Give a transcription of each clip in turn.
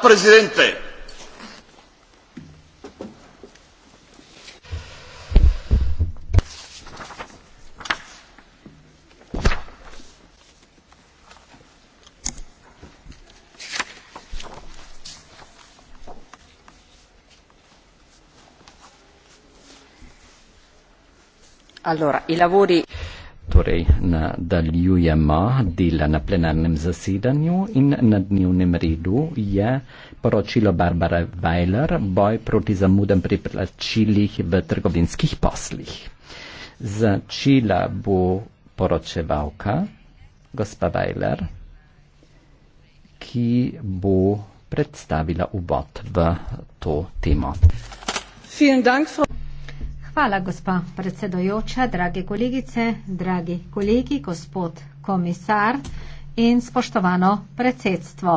presidente. allora i lavori torej nadaljujemo dela na plenarnem zasedanju in na dnevnem redu je poročilo Barbara Weiler boj proti zamudam pri plačilih v trgovinskih poslih. Začela bo poročevalka, gospa Weiler, ki bo predstavila uvod v to temo. Vielen Dank, Frau Hvala, gospa predsedojoča, drage kolegice, dragi kolegi, gospod komisar in spoštovano predsedstvo.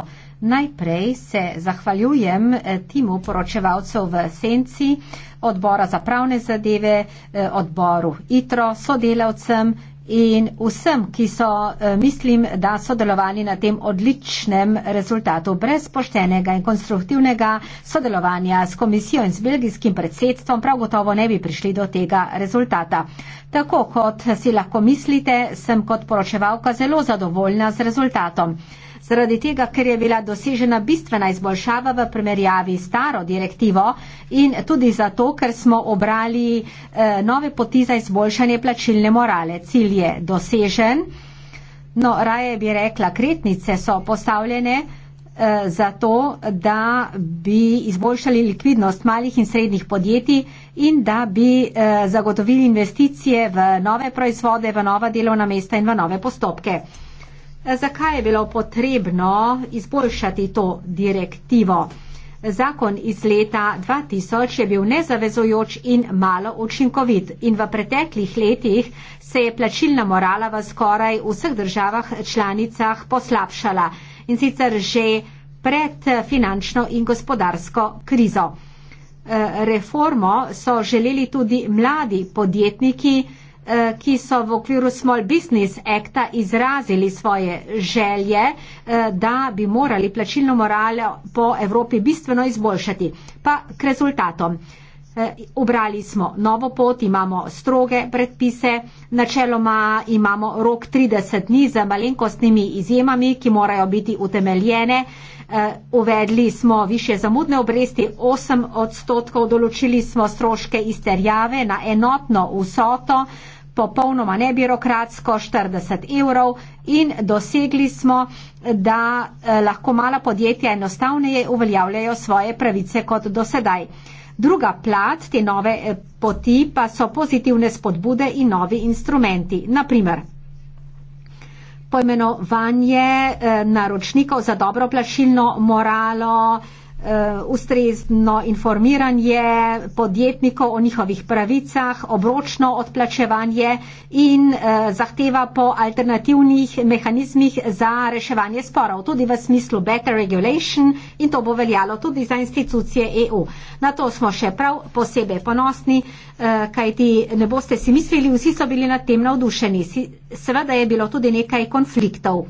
Najprej se zahvaljujem eh, timu poročevalcev v Senci, odbora za pravne zadeve, eh, odboru ITRO, sodelavcem in vsem, ki so, eh, mislim, da sodelovali na tem odličnem rezultatu. Brez poštenega in konstruktivnega sodelovanja s komisijo in z belgijskim predsedstvom prav gotovo ne bi prišli do tega rezultata. Tako kot si lahko mislite, sem kot poročevalka zelo zadovoljna z rezultatom zaradi tega, ker je bila dosežena bistvena izboljšava v primerjavi staro direktivo in tudi zato, ker smo obrali eh, nove poti za izboljšanje plačilne morale. Cilj je dosežen. No, raje bi rekla, kretnice so postavljene eh, zato, da bi izboljšali likvidnost malih in srednjih podjetij in da bi eh, zagotovili investicije v nove proizvode, v nova delovna mesta in v nove postopke. Zakaj je bilo potrebno izboljšati to direktivo? Zakon iz leta 2000 je bil nezavezojoč in malo učinkovit in v preteklih letih se je plačilna morala v skoraj vseh državah članicah poslabšala in sicer že pred finančno in gospodarsko krizo. Eh, reformo so želeli tudi mladi podjetniki, Eh, ki so v okviru Small Business Acta izrazili svoje želje, eh, da bi morali plačilno moralo po Evropi bistveno izboljšati. Pa k rezultatom. Eh, obrali smo novo pot, imamo stroge predpise, načeloma imamo rok 30 dni za malenkostnimi izjemami, ki morajo biti utemeljene. Eh, uvedli smo više zamudne obresti 8 odstotkov, določili smo stroške izterjave na enotno vsoto, popolnoma nebirokratsko 40 evrov in dosegli smo, da eh, lahko mala podjetja enostavneje uveljavljajo svoje pravice kot dosedaj. Druga plat te nove eh, poti pa so pozitivne spodbude in novi instrumenti. Naprimer, pojmenovanje eh, naročnikov za dobro plašilno moralo, Eh, ustrezno informiranje podjetnikov o njihovih pravicah, obročno odplačevanje in eh, zahteva po alternativnih mehanizmih za reševanje sporov, tudi v smislu better regulation in to bo veljalo tudi za institucije EU. Na to smo še prav posebej ponosni, eh, kajti ne boste si mislili, vsi so bili nad tem navdušeni. Seveda je bilo tudi nekaj konfliktov.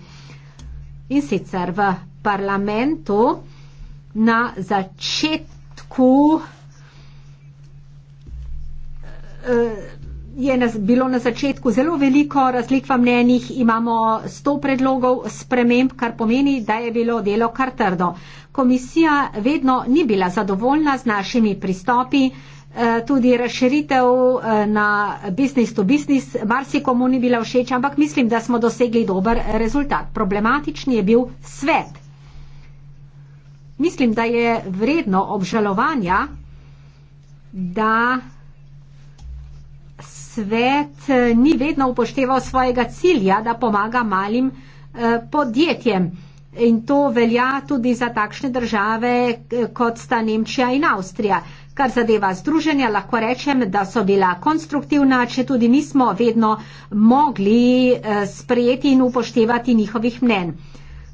In sicer v parlamentu na začetku eh, je na, bilo na začetku zelo veliko razlik v mnenjih, imamo 100 predlogov sprememb, kar pomeni, da je bilo delo kar trdo. Komisija vedno ni bila zadovoljna z našimi pristopi, eh, tudi razširitev eh, na business to business, marsikomu ni bila všeč, ampak mislim, da smo dosegli dober rezultat. Problematični je bil svet mislim, da je vredno obžalovanja, da svet ni vedno upošteval svojega cilja, da pomaga malim eh, podjetjem. In to velja tudi za takšne države, eh, kot sta Nemčija in Avstrija. Kar zadeva združenja, lahko rečem, da so bila konstruktivna, če tudi nismo vedno mogli eh, sprejeti in upoštevati njihovih mnen.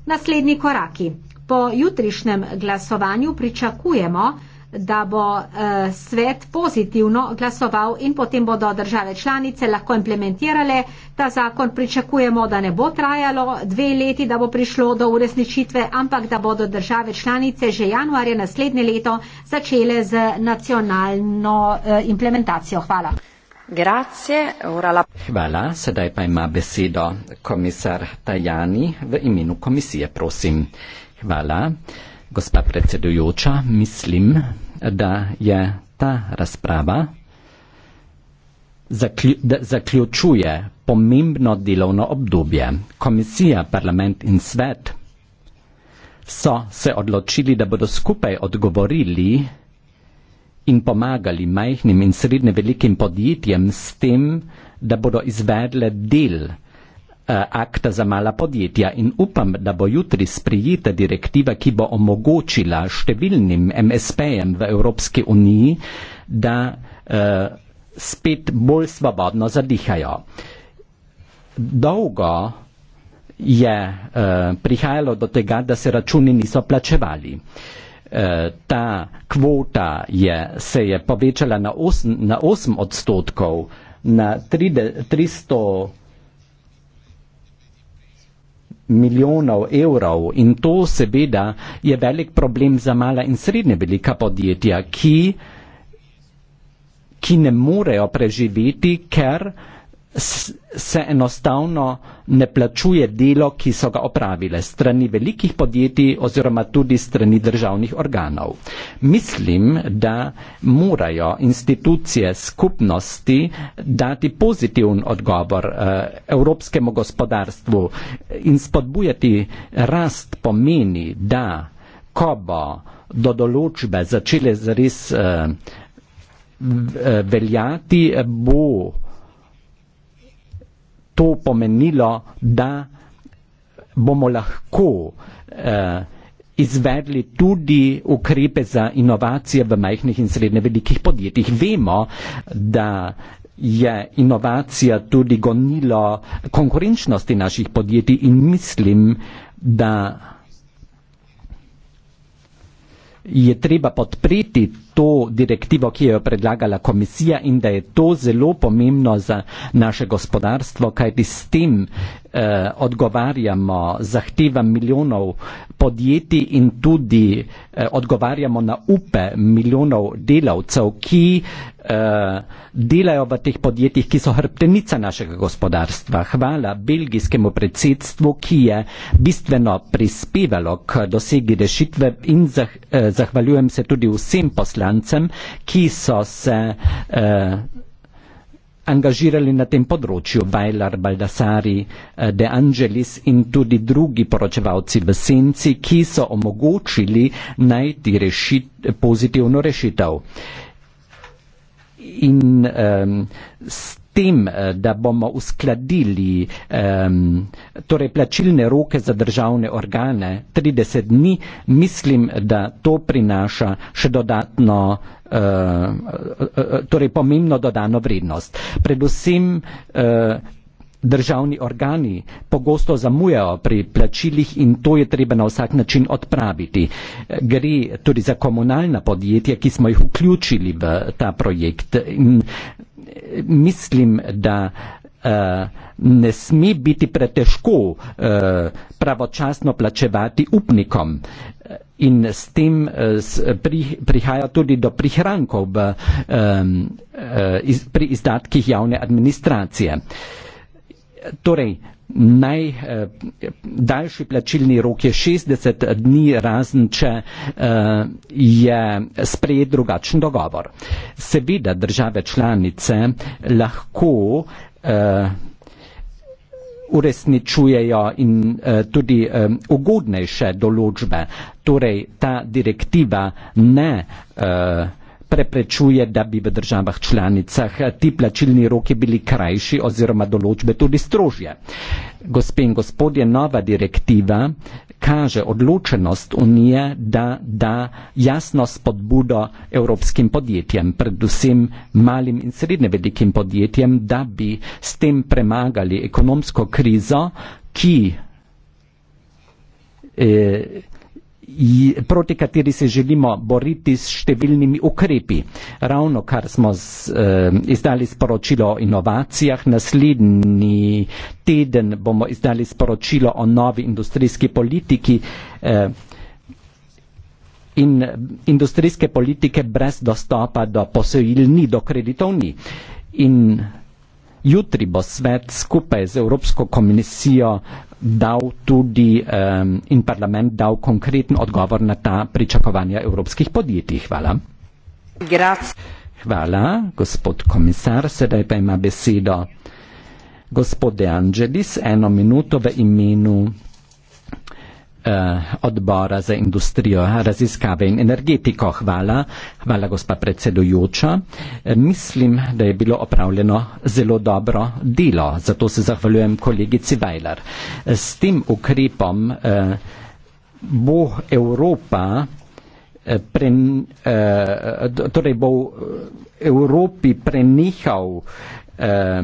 Naslednji koraki. Po jutrišnjem glasovanju pričakujemo, da bo eh, svet pozitivno glasoval in potem bodo države članice lahko implementirale ta zakon. Pričakujemo, da ne bo trajalo dve leti, da bo prišlo do uresničitve, ampak da bodo države članice že januarja naslednje leto začele z nacionalno eh, implementacijo. Hvala. Grazie, la... Hvala, sedaj pa ima besedo komisar Tajani v imenu komisije, prosim. Hvala. Gospa predsedujoča, mislim, da je ta razprava zaključuje pomembno delovno obdobje. Komisija, parlament in svet so se odločili, da bodo skupaj odgovorili in pomagali majhnim in srednje velikim podjetjem s tem, da bodo izvedle del Eh, akt za mala podjetja in upam, da bo jutri sprijeta direktiva, ki bo omogočila številnim MSP-jem v Evropski uniji, da uh, spet bolj svobodno zadihajo. Dolgo je uh, prihajalo do tega, da se računi niso plačevali. Ta kvota je, se je povečala na 8, na 8 odstotkov, na 30, 300 milijonov evrov in to seveda je velik problem za mala in srednje velika podjetja, ki, ki ne morejo preživeti, ker se enostavno ne plačuje delo, ki so ga opravile strani velikih podjetij oziroma tudi strani državnih organov. Mislim, da morajo institucije skupnosti dati pozitivn odgovor eh, evropskemu gospodarstvu in spodbujati rast pomeni, da ko bo do določbe začele zres eh, eh, veljati, bo to pomenilo, da bomo lahko eh, izvedli tudi ukrepe za inovacije v majhnih in srednje velikih podjetjih. Vemo, da je inovacija tudi gonilo konkurenčnosti naših podjetij in mislim, da je treba podpreti to direktivo, ki jo je predlagala komisija in da je to zelo pomembno za naše gospodarstvo, kajti s tem eh, odgovarjamo zahtevam milijonov podjetij in tudi eh, odgovarjamo na upe milijonov delavcev, ki eh, delajo v teh podjetjih, ki so hrbtenica našega gospodarstva. Hvala belgijskemu predsedstvu, ki je bistveno prispevalo k dosegi rešitve in zah, eh, zahvaljujem se tudi vsem poslancem, strancem, ki so se eh, angažirali na tem področju, Bajlar, Baldasari, eh, De Angelis in tudi drugi poročevalci v senci, ki so omogočili najti rešit, pozitivno rešitev. In eh, s tem, eh, da bomo uskladili um, torej plačilne roke za državne organe 30 dni, mislim, da to prinaša še dodatno, uh, torej pomembno dodano vrednost. Predvsem uh, Državni organi pogosto zamujajo pri plačilih in to je treba na vsak način odpraviti. Gre tudi za komunalna podjetja, ki smo jih vključili v ta projekt. In eh, mislim, da uh, ne sme biti pretežko uh, pravočasno plačevati upnikom. In s tem prihaja tudi do prihrankov v, pri izdatkih javne administracije. Torej, najdaljši eh, plačilni rok je 60 dni, razen če eh, je sprejet drugačen dogovor. Seveda države članice lahko eh, uresničujejo in eh, tudi eh, ugodnejše določbe. Torej, ta direktiva ne. Eh, preprečuje, da bi v državah članicah eh, ti plačilni roki bili krajši oziroma določbe tudi strožje. Gospe in gospodje, nova direktiva kaže odločenost Unije, da da jasno spodbudo evropskim podjetjem, predvsem malim in srednje velikim podjetjem, da bi s tem premagali ekonomsko krizo, ki eh, proti kateri se želimo boriti s številnimi ukrepi. Ravno kar smo z, eh, izdali sporočilo o inovacijah, naslednji teden bomo izdali sporočilo o novi industrijski politiki eh, in industrijske politike brez dostopa do posojil ni, do kreditov ni. In jutri bo svet skupaj z Evropsko komisijo dal tudi um, in parlament dal konkreten odgovor na ta pričakovanja evropskih podjetij. Hvala. Grazie. Hvala, gospod komisar. Sedaj pa ima besedo gospod De Angelis, eno minuto v imenu. Eh, odbora za industrijo, raziskave in energetiko. Hvala, hvala gospa predsedujoča. Eh, mislim, da je bilo opravljeno zelo dobro delo, zato se zahvaljujem kolegici Vajlar. Eh, s tem ukrepom bo Evropa Pren, eh, torej bo Evropi prenehal eh,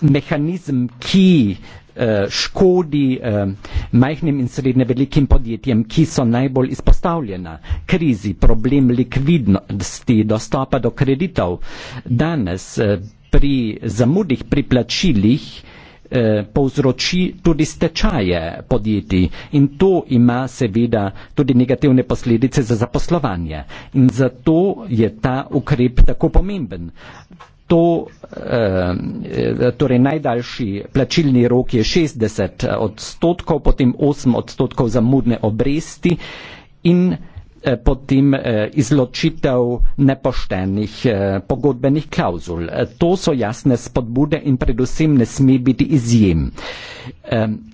mehanizem, ki eh, Eh, škodi eh, majhnim in srednje velikim podjetjem, ki so najbolj izpostavljena krizi, problem likvidnosti, dostopa do kreditov. Danes eh, pri zamudih, pri plačilih povzroči tudi stečaje podjetij in to ima seveda tudi negativne posledice za zaposlovanje. In zato je ta ukrep tako pomemben to, eh, eh, torej najdaljši plačilni rok je 60 eh, odstotkov, potem 8 odstotkov zamudne obresti in potem izločitev nepoštenih pogodbenih klauzul. To so jasne spodbude in predvsem ne sme biti izjem.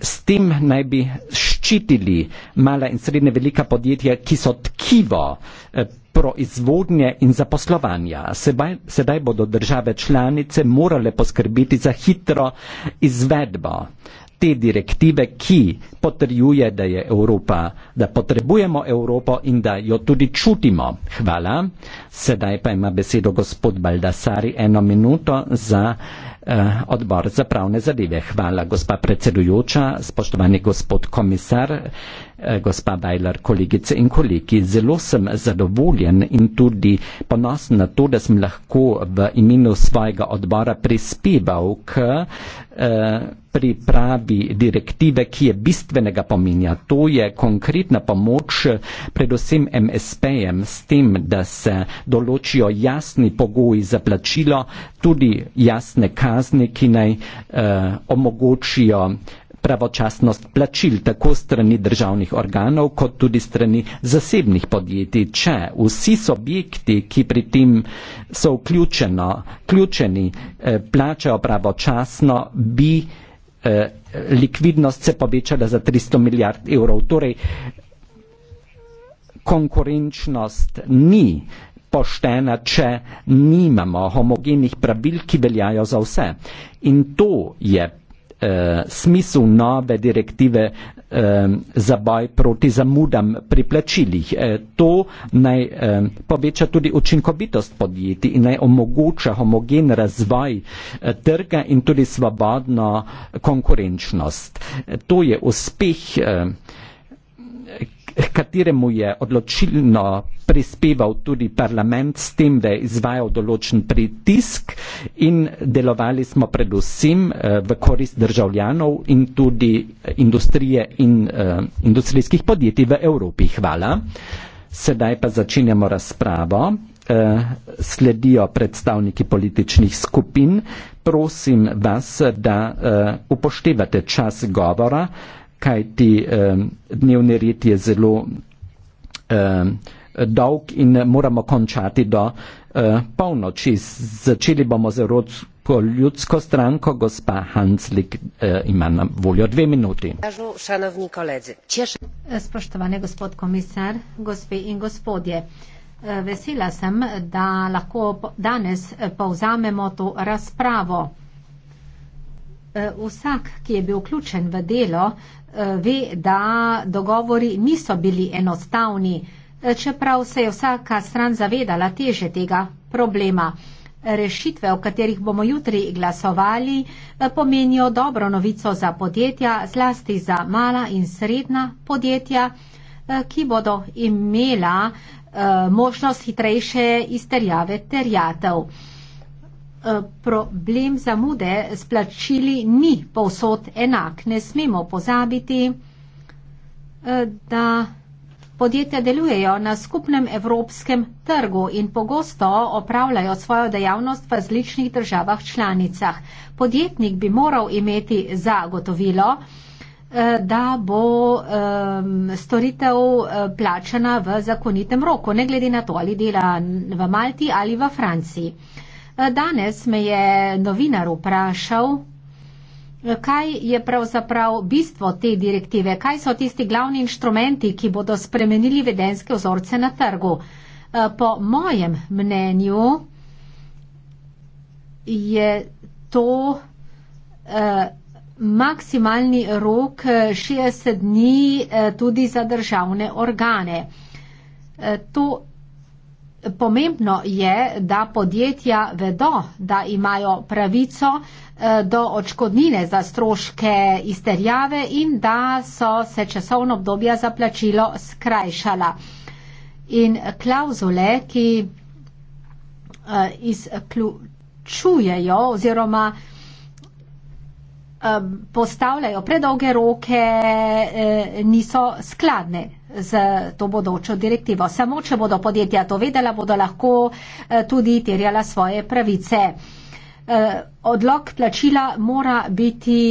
S tem naj bi ščitili mala in srednje velika podjetja, ki so tkivo proizvodnje in zaposlovanja. Sedaj, sedaj bodo države članice morale poskrbiti za hitro izvedbo te direktive, ki potrjuje, da je Evropa, da potrebujemo Evropo in da jo tudi čutimo. Hvala. Sedaj pa ima besedo gospod Baldasari eno minuto za eh, odbor za pravne zadeve. Hvala, gospa predsedujoča, spoštovani gospod komisar. Eh, Eh, gospa Bajler, kolegice in kolegi. Zelo sem zadovoljen in tudi ponosen na to, da sem lahko v imenu svojega odbora prispeval k eh, pripravi direktive, ki je bistvenega pomenja. To je konkretna pomoč predvsem MSP-jem s tem, da se določijo jasni pogoji za plačilo, tudi jasne kazne, ki naj eh, omogočijo eh, pravočasnost plačil tako strani državnih organov, kot tudi strani zasebnih podjetij, če vsi subjekti, ki pri tem so vključeno, vključeni, eh, plačajo pravočasno, bi eh, likvidnost se povečala za 300 milijard evrov. Torej, konkurenčnost ni poštena, če nimamo homogenih pravil, ki veljajo za vse. In to je Eh, smisel nove direktive eh, za boj proti zamudam pri plačilih. Eh, to naj poveča tudi učinkovitost podjetij in naj omogoča homogen razvoj trga in tudi svobodno konkurenčnost. To je uspeh h kateremu je odločilno prispeval tudi parlament s tem, da je izvajal določen pritisk in delovali smo predvsem eh, v korist državljanov in tudi industrije in uh, industrijskih podjetij v Evropi. Hvala. Sedaj pa začenjamo razpravo. Uh, sledijo predstavniki političnih skupin. Prosim vas, da uh, upoštevate čas govora. Uh, kajti dnevni red je zelo dolg in moramo končati do eh, polnoči. Začeli bomo z Evropsko ljudsko stranko, gospa Hanslik eh, ima na voljo dve minuti. Eh, Spoštovani gospod komisar, gospe in gospodje. Vesela sem, da lahko danes povzamemo to razpravo. Vsak, ki je bil vključen v delo, Eh, ve, da dogovori niso bili enostavni, eh, čeprav se je vsaka stran zavedala teže tega problema. Rešitve, o katerih bomo jutri glasovali, eh, pomenijo dobro novico za podjetja, zlasti za mala in srednja podjetja, ki bodo imela možnost hitrejše izterjave terjatev. Eh, problem zamude s plačili ni povsod enak. Ne smemo pozabiti, eh, da podjetja delujejo na skupnem evropskem trgu in pogosto opravljajo svojo dejavnost v različnih državah članicah. Podjetnik bi moral imeti zagotovilo, eh, da bo ehm, storitev plačana v zakonitem roku, ne glede na to, ali dela v Malti ali v Franciji. Danes me je novinar vprašal, kaj je pravzaprav bistvo te direktive, kaj so tisti glavni inštrumenti, ki bodo spremenili vedenske vzorce na trgu. Eh, po mojem mnenju je to eh, maksimalni rok 60 eh, dni tudi za državne organe. To Pomembno je, da podjetja vedo, da imajo pravico eh, do očkodnine za stroške izterjave in da so se časovno obdobja za plačilo skrajšala. In klauzule, ki eh, izključujejo oziroma Eh, postavljajo predolge roke, eh, niso skladne z to bodočo direktivo. Samo, če bodo podjetja to vedela, bodo lahko eh, tudi terjala svoje pravice. Odlog plačila mora biti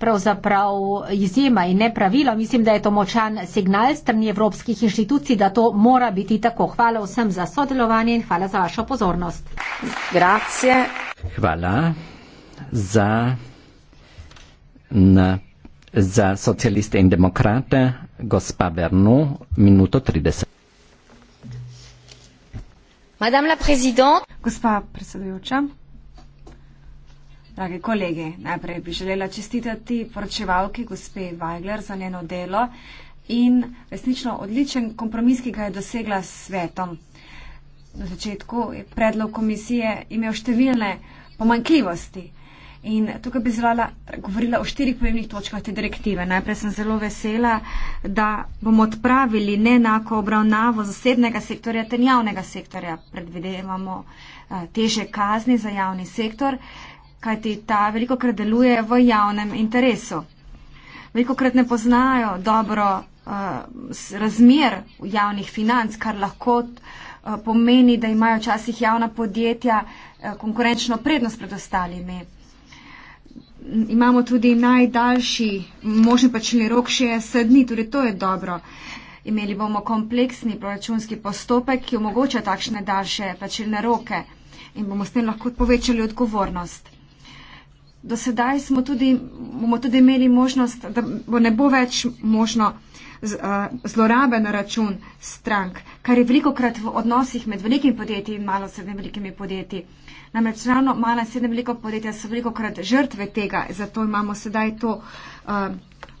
pravzaprav izjema in ne pravilo. Mislim, da je to močan signal strani evropskih inštitucij, da to mora biti tako. Hvala vsem za sodelovanje in hvala za vašo pozornost. Grazie. Hvala za na, za socialiste in demokrate, gospa Bernou, minuto 30. Madame la Presidente. Gospa predsedujoča, drage kolege, najprej bi želela čestitati poročevalki gospe Weigler za njeno delo in resnično odličen kompromis, ki ga je dosegla s svetom. Na začetku je predlog komisije imel številne pomankljivosti. In tukaj bi zvala, govorila o štirih pojemnih točkah te direktive. Najprej sem zelo vesela, da bomo odpravili neenako obravnavo zasebnega sektorja ter javnega sektorja. Predvidevamo eh, teže kazni za javni sektor, kajti ta veliko krat deluje v javnem interesu. Veliko krat ne poznajo dobro uh, razmer javnih financ, kar lahko eh, pomeni, da imajo včasih javna podjetja konkurenčno prednost pred ostalimi imamo tudi najdaljši možen plačilni rok 60 dni, tudi to je dobro. Imeli bomo kompleksni proračunski postopek, ki omogoča takšne daljše plačilne roke in bomo s tem lahko povečali odgovornost do sedaj smo tudi, bomo tudi imeli možnost, da bo ne bo več možno eh, zlorabe na račun strank, kar je veliko krat v odnosih med velikimi podjetji in malo srednjimi velikimi podjetji. Namreč ravno mala in srednja velika podjetja so veliko krat žrtve tega, zato imamo sedaj to uh,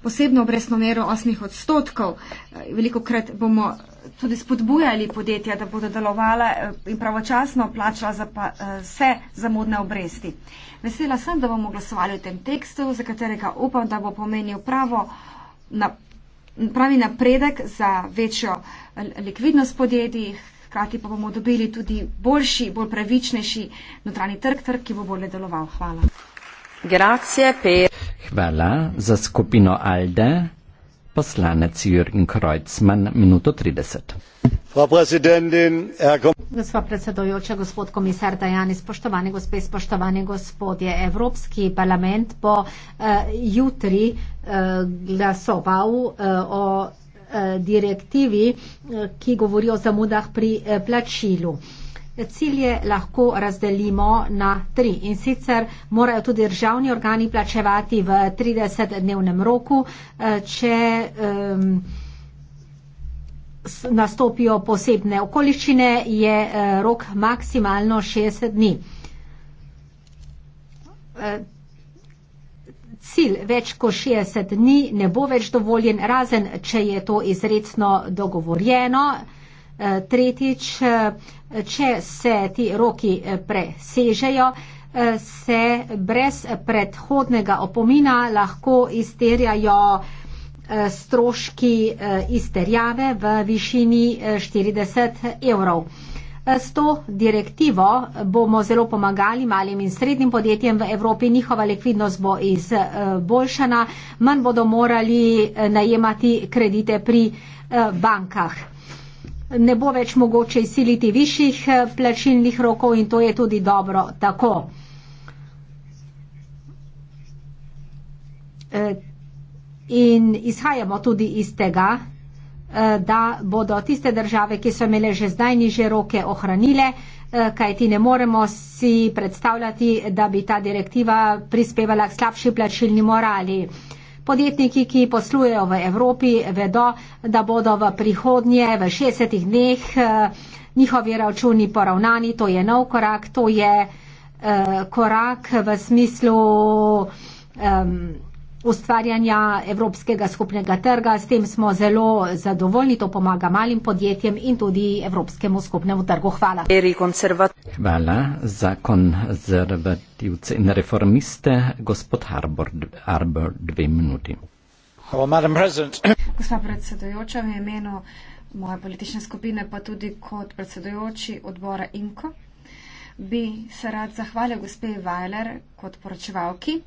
posebno obresno mero 8 odstotkov. Eh, veliko krat bomo tudi spodbujali podjetja, da bodo delovala eh, in pravočasno plačala za pa, eh, vse zamudne obresti. Vesela sem, da bomo glasovali v tem tekstu, za katerega upam, da bo pomenil pravo na, pravi napredek za večjo eh, likvidnost podjetij, hkrati pa bomo dobili tudi boljši, bolj pravičnejši notranji trg, trg, ki bo bolje deloval. Hvala. Grazie per... Hvala za skupino Alde poslanec Jürgen Kreuzmann, minuto 30. Gospa predsedojoča, gospod komisar Dajani, spoštovane gospe, spoštovane gospodje, Evropski parlament bo eh, jutri eh, glasoval eh, o eh, direktivi, eh, ki govori o zamudah pri eh, plačilu. Eh, Cilje lahko razdelimo na tri in sicer morajo tudi državni organi plačevati v 30-dnevnem roku, eh, če um, nastopijo posebne okoliščine, je eh, rok maksimalno 60 dni. Eh, cilj več kot 60 dni ne bo več dovoljen, razen če je to izredno dogovorjeno. Tretjič, če se ti roki eh, presežejo, eh, se brez predhodnega opomina lahko izterjajo eh, stroški izterjave v višini 40 evrov. S to direktivo bomo zelo pomagali malim in srednjim podjetjem v Evropi, njihova likvidnost bo izboljšana, manj bodo morali najemati kredite pri bankah ne bo več mogoče izsiliti višjih eh, plačilnih rokov in to je tudi dobro tako. Eh, in izhajamo tudi iz tega, eh, da bodo tiste države, ki so imele že zdaj niže roke, ohranile, kaj ti ne moremo si predstavljati, da bi ta direktiva prispevala k slabši plačilni morali. Podjetniki, ki poslujejo v Evropi, vedo, da bodo v prihodnje, v 60 dneh, eh, njihovi računi poravnani. To je nov korak, to je eh, korak v smislu. Um, ustvarjanja Evropskega skupnega trga. S tem smo zelo zadovoljni, to pomaga malim podjetjem in tudi Evropskemu skupnemu trgu. Hvala. Hvala. Zakon zervativce in reformiste, gospod Harbor, Arbor, dve minuti. Gospa predsedujoča, v imenu moje politične skupine, pa tudi kot predsedujoči odbora Inko, bi se rad zahvalil gospe Weiler kot poročevalki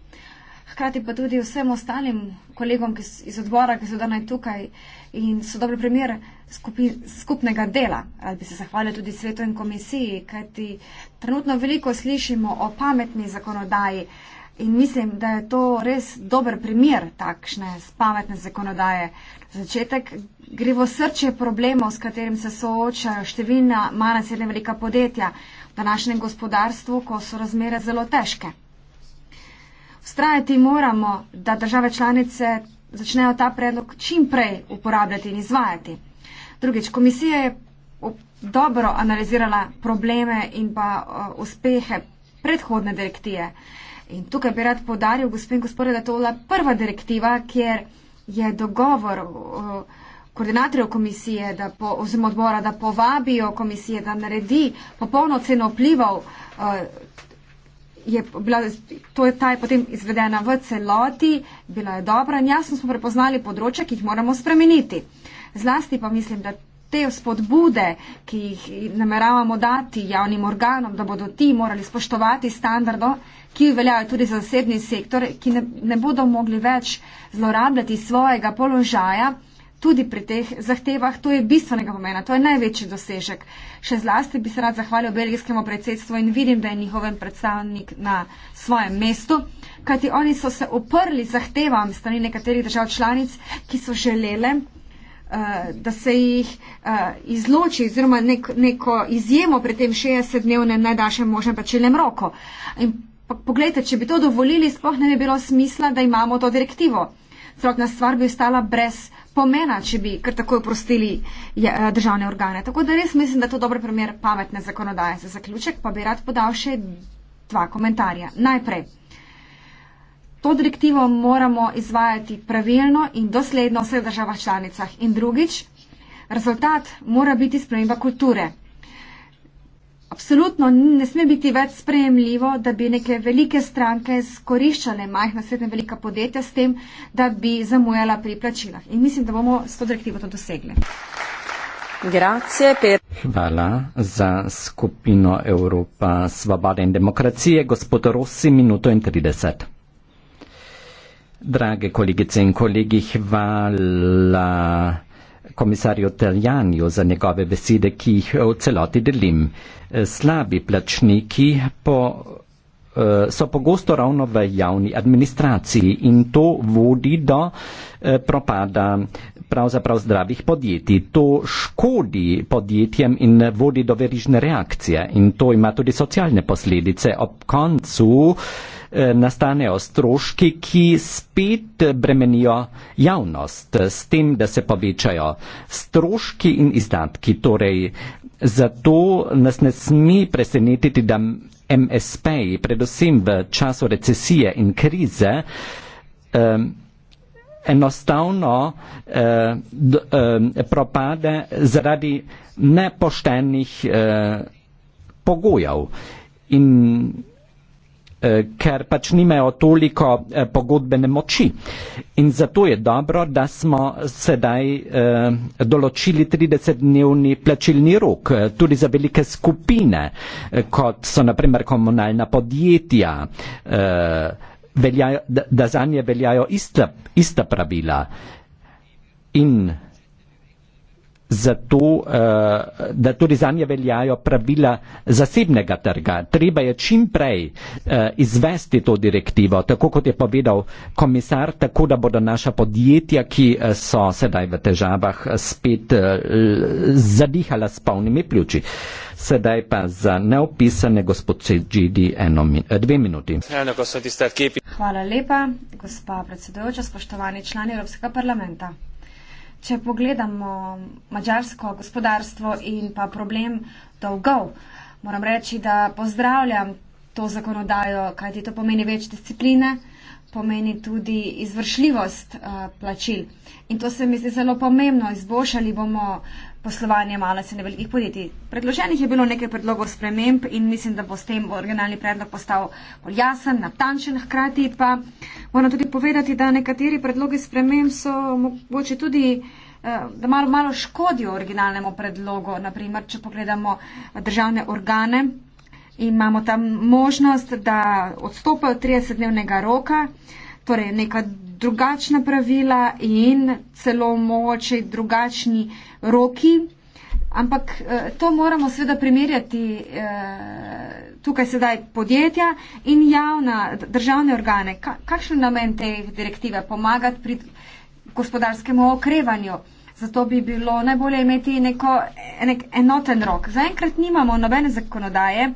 hkrati pa tudi vsem ostalim kolegom iz odbora, ki so danes tukaj in so dobri primer skupi, skupnega dela. Rad bi se zahvalil tudi svetu in komisiji, kajti trenutno veliko slišimo o pametni zakonodaji in mislim, da je to res dober primer takšne pametne zakonodaje. Začetek gre v srce problemov, s katerim se soočajo številna manj naseljena velika podjetja v današnjem gospodarstvu, ko so razmere zelo težke. Strajati moramo, da države članice začnejo ta predlog čim prej uporabljati in izvajati. Drugič, komisija je dobro analizirala probleme in pa eh, uspehe predhodne direktive. In tukaj bi rad podaril, gospod in gospod, da to je prva direktiva, kjer je dogovor eh, koordinatorjev komisije, da po, oziroma odbora, da povabijo komisije, da naredi popolno ceno vplivov eh, je bila, to je ta je potem izvedena v celoti, bila je dobra in jasno smo prepoznali področja, ki jih moramo spremeniti. Zlasti pa mislim, da te spodbude, ki jih nameravamo dati javnim organom, da bodo ti morali spoštovati standardo, ki veljajo tudi za zasebni sektor, ki ne, ne bodo mogli več zlorabljati svojega položaja, tudi pri teh zahtevah, to je bistvenega pomena, to je največji dosežek. Še zlasti bi se rad zahvalil belgijskemu predsedstvu in vidim, da je njihovem predstavnik na svojem mestu, kajti oni so se oprli zahtevam strani nekaterih držav članic, ki so želele, eh, da se jih eh, izloči oziroma nek, neko izjemo pri tem 60-dnevnem najdaljšem možnem plačilnem roku. In pogledajte, če bi to dovolili, sploh ne bi bilo smisla, da imamo to direktivo. Celotna stvar bi ostala brez pomena, če bi kar tako oprostili eh, državne organe. Tako da res mislim, da je to dober primer pametne zakonodaje. Za zaključek pa bi rad podal še dva komentarja. Najprej, to direktivo moramo izvajati pravilno in dosledno v vseh državah članicah. In drugič, rezultat mora biti sprememba kulture. Absolutno ne sme biti več sprejemljivo, da bi neke velike stranke skoriščale majhna srednja velika podjetja s tem, da bi zamujala pri plačilah. In mislim, da bomo s to direktivo to dosegli. Grazie per... Hvala za skupino Evropa svobode in demokracije, gospod Rossi, minuto in 30. Drage kolegice in kolegi, hvala komisarju Teljanju za njegove besede, ki jih eh, v celoti delim. Eh, slabi plačniki po, eh, so pogosto ravno v javni administraciji in to vodi do propada pravzaprav zdravih podjetij. To škodi podjetjem in vodi do verižne reakcije in to ima tudi socialne posledice. Ob koncu uh, Eh, nastanejo stroški, ki spet bremenijo javnost s tem, da se povečajo stroški in izdatki. Torej, zato nas ne sme presenetiti, da MSP, predvsem v času recesije in krize, um, enostavno uh, eh, d, um, propade zaradi nepoštenih uh, pogojev. In Eh, ker pač nimajo toliko eh, pogodbene moči. In zato je dobro, da smo sedaj eh, določili 30-dnevni plačilni rok tudi za velike skupine, kot so naprimer komunalna podjetja, velja, da za nje veljajo ista, ista pravila. In zato, eh, da tudi za nje veljajo pravila zasebnega trga. Treba je čim prej eh, izvesti to direktivo, tako kot je povedal komisar, tako da bodo naša podjetja, ki eh, so sedaj v težavah, spet zadihala s polnimi pljuči. Sedaj pa za neopisane gospod Cedžidi min dve minuti. Hvala lepa, gospa predsedujoča, spoštovani člani Evropskega parlamenta. Če pogledamo mađarsko gospodarstvo in pa problem dolgov, moram reči, da pozdravljam to zakonodajo, kajti to pomeni več discipline, pomeni tudi izvršljivost uh, plačil. In to se mi zdi zelo pomembno. Izboljšali bomo uh, poslovanje malce in velikih podjetij. Predloženih je bilo nekaj predlogov sprememb in mislim, da bo s tem originalni predlog postal bolj jasen, natančen, hkrati pa moram tudi povedati, da nekateri predlogi sprememb so mogoče tudi eh, da malo, malo škodijo originalnemu predlogu. Naprimer, če pogledamo državne organe, imamo tam možnost, da odstopajo 30-dnevnega roka torej neka drugačna pravila in celo mogoče drugačni roki. Ampak eh, to moramo seveda primerjati eh, tukaj sedaj podjetja in javna državne organe. Kakšen namen te direktive? Pomagati pri gospodarskemu okrevanju. Zato bi bilo najbolje imeti neko, nek enoten rok. Zaenkrat nimamo nobene zakonodaje,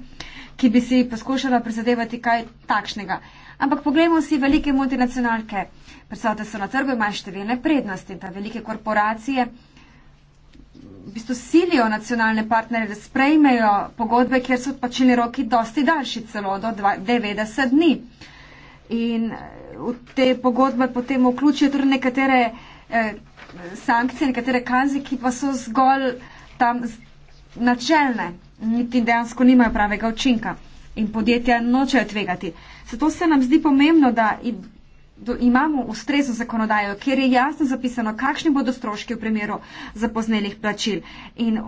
ki bi si poskušala prizadevati kaj takšnega. Ampak poglejmo si velike multinacionalke. Prisotne so na trgu, imajo številne prednosti in ta velike korporacije v bistvu silijo nacionalne partnere, da sprejmejo pogodbe, kjer so odpočilni roki dosti daljši, celo do 90 dni. In eh, v te pogodbe potem vključijo tudi nekatere eh, sankcije, nekatere kazi, ki pa so zgolj tam načelne, niti dejansko nimajo pravega učinka in podjetja nočejo tvegati. Zato se nam zdi pomembno, da imamo ustrezno zakonodajo, kjer je jasno zapisano, kakšni bodo stroški v primeru zapoznelih plačil. In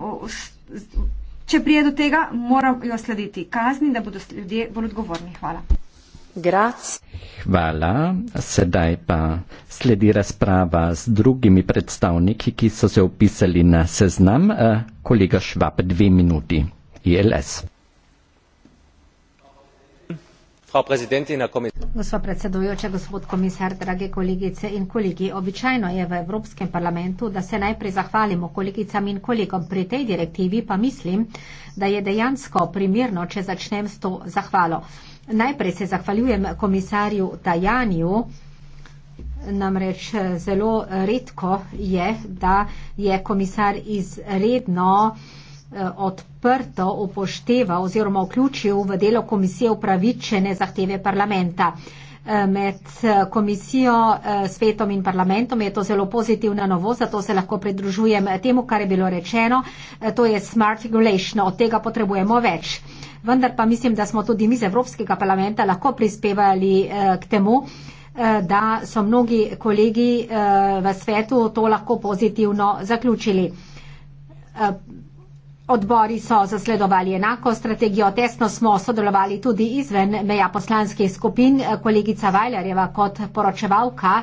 če prije do tega, morajo slediti kazni, da bodo ljudje bolj odgovorni. Hvala. Grac. Hvala. Sedaj pa sledi razprava z drugimi predstavniki, ki so se upisali na seznam. Eh, kolega Švab, dve minuti. ILS. Gospod predsedujoče, gospod komisar, drage kolegice in kolegi. Običajno je v Evropskem parlamentu, da se najprej zahvalimo kolegicam in kolegom pri tej direktivi, pa mislim, da je dejansko primirno, če začnem s to zahvalo. Najprej se zahvaljujem komisarju Tajanju. Namreč zelo redko je, da je komisar izredno Eh, odprto upošteva oziroma vključil v delo komisije upravičene zahteve parlamenta. Eh, med eh, komisijo, svetom in parlamentom je to zelo pozitivna novost, zato se lahko pridružujem temu, kar je bilo rečeno. To je smart regulation, od tega potrebujemo več. Vendar pa mislim, da smo tudi mi z Evropskega parlamenta lahko prispevali k temu, da so mnogi kolegi v svetu to lahko pozitivno zaključili. Odbori so zasledovali enako strategijo, tesno smo sodelovali tudi izven meja poslanskih skupin. Kolegica Vajlerjeva kot poročevalka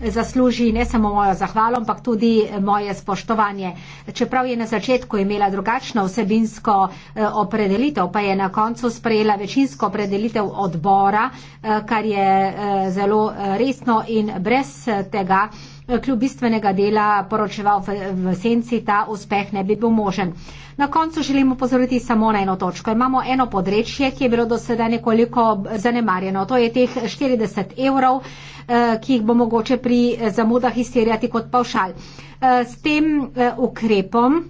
zasluži ne samo mojo zahvalo, ampak tudi moje spoštovanje. Čeprav je na začetku imela drugačno vsebinsko eh, opredelitev, pa je na koncu sprejela večinsko opredelitev odbora, eh, kar je eh, zelo resno in brez tega. Kljub bistvenega dela poročeval v senci, ta uspeh ne bi bil možen. Na koncu želim upozoriti samo na eno točko. Imamo eno podrečje, ki je bilo do sedaj nekoliko zanemarjeno. To je teh 40 evrov, eh, ki jih bo mogoče pri zamudah izterjati kot pavšal. Eh, s tem eh, ukrepom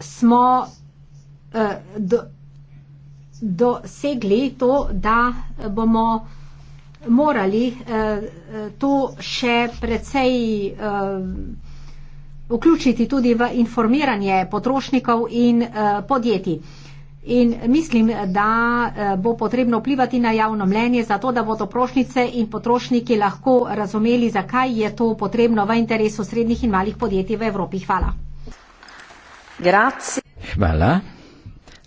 smo dosegli to, da bomo morali to še precej vključiti tudi v informiranje potrošnikov in eh, podjetij. In mislim, da eh, bo potrebno vplivati na javno mnenje, zato da bodo prošnice in potrošniki lahko razumeli, zakaj je to potrebno v interesu srednjih in malih podjetij v Evropi. Hvala. Grazie. Hvala.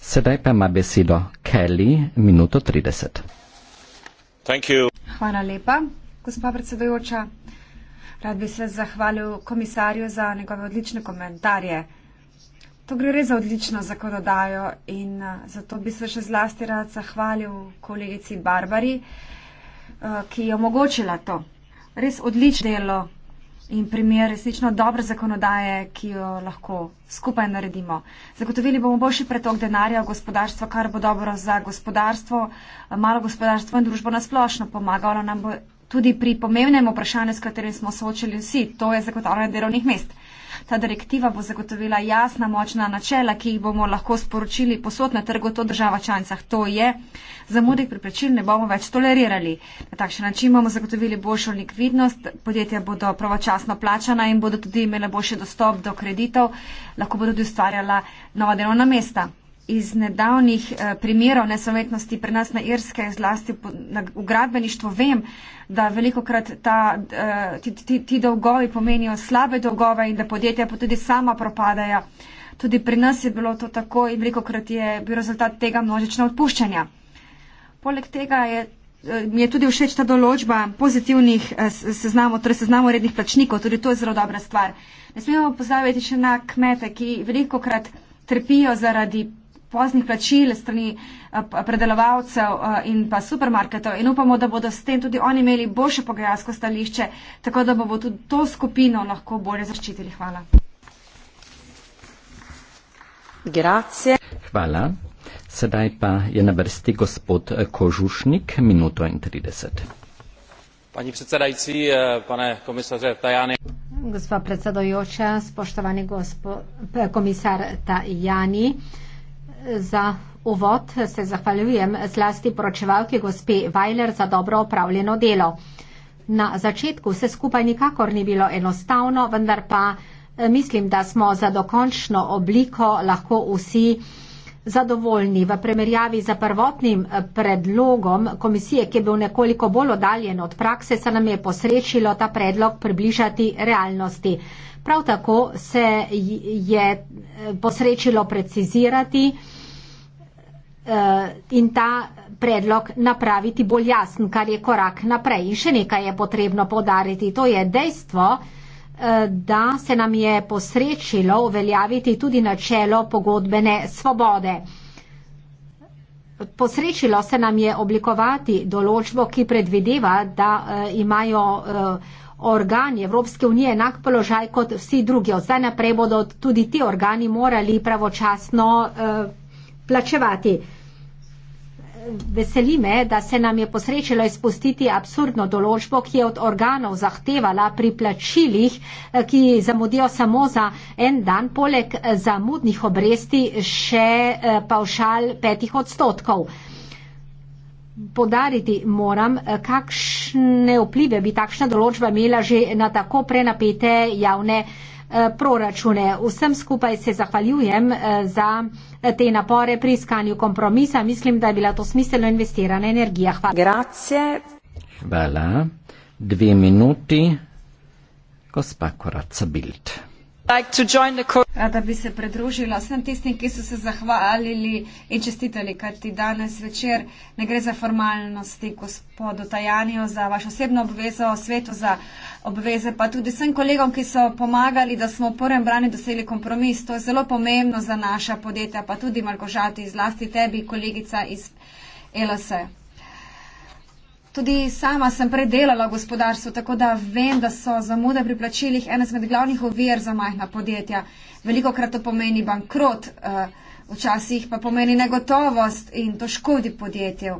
Sedaj pa ima besedo Kelly, minuto 30. Hvala lepa, gospa predsedujoča. Rad bi se zahvalil komisarju za njegove odlične komentarje. To gre res za odlično zakonodajo in eh, zato bi se še zlasti rad zahvalil kolegici Barbari, eh, ki je omogočila to. Res odlično delo in primer resnično dobre zakonodaje, ki jo lahko skupaj naredimo. Zagotovili bomo boljši pretok denarja v gospodarstvo, kar bo dobro za gospodarstvo, eh, malo gospodarstvo in družbo nasplošno pomagalo nam bo tudi pri pomembnem vprašanju, s katerim smo soočili vsi, to je zagotavljanje delovnih mest. Ta direktiva bo zagotovila jasna, močna načela, ki jih bomo lahko sporočili posod na trgu to država članicah. To je, zamudih priprečil ne bomo več tolerirali. Na takšen način bomo zagotovili boljšo likvidnost, podjetja bodo pravočasno plačana in bodo tudi imele boljši dostop do kreditov, lahko bodo tudi ustvarjala nova delovna mesta iz nedavnih eh, primerov nesovetnosti pri nas na Irske, zlasti po, na, v gradbeništvu, vem, da veliko krat ta, eh, ti, ti, ti dolgovi pomenijo slabe dolgove in da podjetja pa tudi sama propadajo. Tudi pri nas je bilo to tako in veliko krat je bil rezultat tega množično odpuščanja. Poleg tega je. Eh, mi je tudi všeč ta določba pozitivnih eh, seznamov, torej seznamov rednih plačnikov, tudi to je zelo dobra stvar. Ne smemo pozabiti še na kmete, ki veliko krat trpijo zaradi poznih plačil strani eh, predelovalcev eh, in pa supermarketov in upamo, da bodo s tem tudi oni imeli boljše pogajalsko stališče, tako da bomo tudi to skupino lahko bolje zaščitili. Hvala. Grazie. Hvala. Sedaj pa je na vrsti gospod eh, Kožušnik, minuto in trideset. Pani predsedajci, pane komisarze Tajani. Gospa predsedojoča, spoštovani gospod komisar Tajani za uvod se zahvaljujem zlasti poročevalki gospe Weiler za dobro opravljeno delo. Na začetku vse skupaj nikakor ni bilo enostavno, vendar pa eh, mislim, da smo za dokončno obliko lahko vsi zadovoljni v primerjavi z prvotnim eh, predlogom komisije, ki je bil nekoliko bolj oddaljen od prakse, se nam je posrečilo ta predlog približati realnosti. Prav tako se je eh, posrečilo precizirati eh, in ta predlog napraviti bolj jasen, kar je korak naprej. In še nekaj je potrebno podariti, to je dejstvo, da se nam je posrečilo uveljaviti tudi načelo pogodbene svobode. Posrečilo se nam je oblikovati določbo, ki predvideva, da eh, imajo eh, organi Evropske unije enak položaj kot vsi drugi. Od zdaj naprej bodo tudi ti organi morali pravočasno eh, plačevati veseli me, da se nam je posrečilo izpustiti absurdno določbo, ki je od organov zahtevala pri plačilih, eh, ki zamudijo samo za en dan, poleg eh, zamudnih obresti še eh, pavšal petih odstotkov. Podariti moram, kakšne vplive bi takšna določba imela že na tako prenapete javne. Eh, proračune. Vsem skupaj se zahvaljujem eh, za eh, te napore pri iskanju kompromisa. Mislim, da je bila to smiselno investirana energija. Hvala. Grazie. Hvala. Dve minuti. Gospa Koraca Bild. Rada bi se pridružila vsem tistim, ki so se zahvalili in čestitali, kaj ti danes večer ne gre za formalnosti, gospodu Tajanju, za vaš osebno obvezo, svetu za obveze, pa tudi vsem kolegom, ki so pomagali, da smo v prvem branju dosegli kompromis. To je zelo pomembno za naša podjetja, pa tudi Margožati, zlasti tebi, kolegica iz LSE. Tudi sama sem predelala v gospodarstvu, tako da vem, da so zamude pri plačilih ena izmed glavnih ovir za majhna podjetja. Veliko krat to pomeni bankrot, eh, včasih pa pomeni negotovost in to škodi podjetju.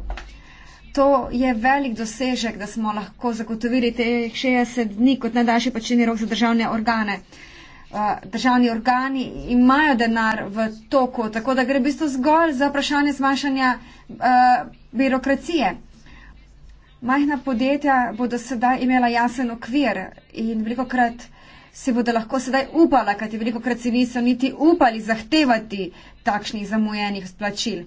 To je velik dosežek, da smo lahko zagotovili te 60 dni kot najdaljši plačilni rok za državne organe. Eh, državni organi imajo denar v toku, tako da gre v bistvu zgolj za vprašanje zmanjšanja uh, birokracije. Majhna podjetja bodo sedaj imela jasen okvir in veliko krat si bodo lahko sedaj upala, kajti veliko krat si niso niti upali zahtevati takšnih zamujenih splačil.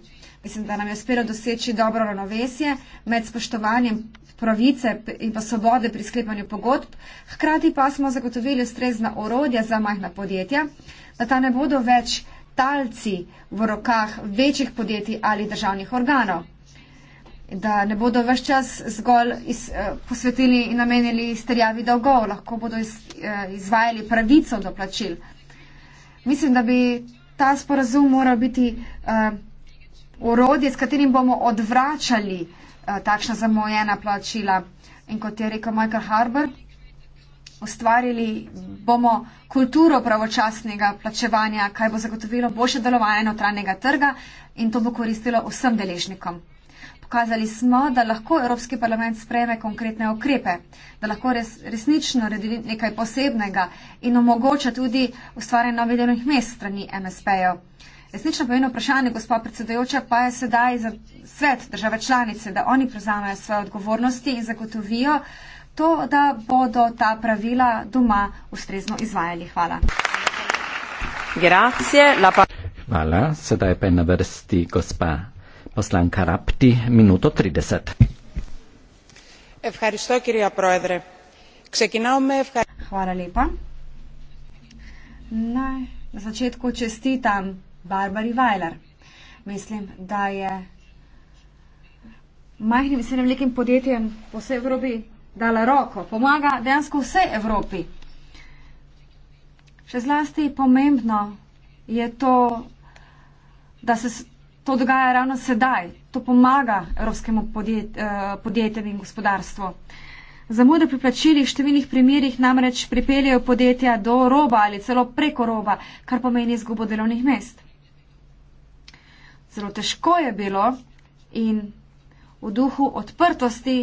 Mislim, da nam je uspelo doseči dobro ravnovesje med spoštovanjem pravice in pa svobode pri sklepanju pogodb, hkrati pa smo zagotovili ustrezna orodja za majhna podjetja, da ta ne bodo več talci v rokah večjih podjetij ali državnih organov da ne bodo vse čas zgolj iz, eh, posvetili in namenili izterjavi dolgov, lahko bodo iz, eh, izvajali pravico do plačil. Mislim, da bi ta sporazum moral biti uh, eh, urodje, s katerim bomo odvračali uh, takšna zamojena plačila. In kot je rekel Michael Harbour, ustvarili bomo kulturo pravočasnega plačevanja, kaj bo zagotovilo boljše delovanje notranjega trga in to bo koristilo vsem deležnikom pokazali smo, da lahko Evropski parlament spreme konkretne okrepe, da lahko res, resnično redi nekaj posebnega in omogoča tudi ustvarjanje novih delovnih mest strani MSP-jev. Resnično pomeni vprašanje, gospod predsedujoča, pa je sedaj za svet države članice, da oni prevzamejo svoje odgovornosti in zagotovijo to, da bodo ta pravila doma ustrezno izvajali. Hvala. Grazie, Hvala. Sedaj pa je na vrsti gospa Poslanka Rapti, minuto 30. Ευχαριστώ, κυρία Πρόεδρε. Ξεκινάω με ευχαριστώ. Χαρά λίπα. Να, να σας έτσι κοτσεστήτα, Μπάρμπαρη Βάιλαρ. Μίσλιμ, δάιε. Μάχνη, μισή είναι λίγη ποδίτια από σε Ευρώπη, δάλα ρόκο. Πομάγα, δέανσκο σε Ευρώπη. Σε σλάστη, πομέμπνο, για το, да се To dogaja ravno sedaj. To pomaga evropskemu eh, podjetjem in gospodarstvu. Zamude pri plačilih v številnih primerjih namreč pripeljejo podjetja do roba ali celo preko roba, kar pomeni izgubo delovnih mest. Zelo težko je bilo in v duhu odprtosti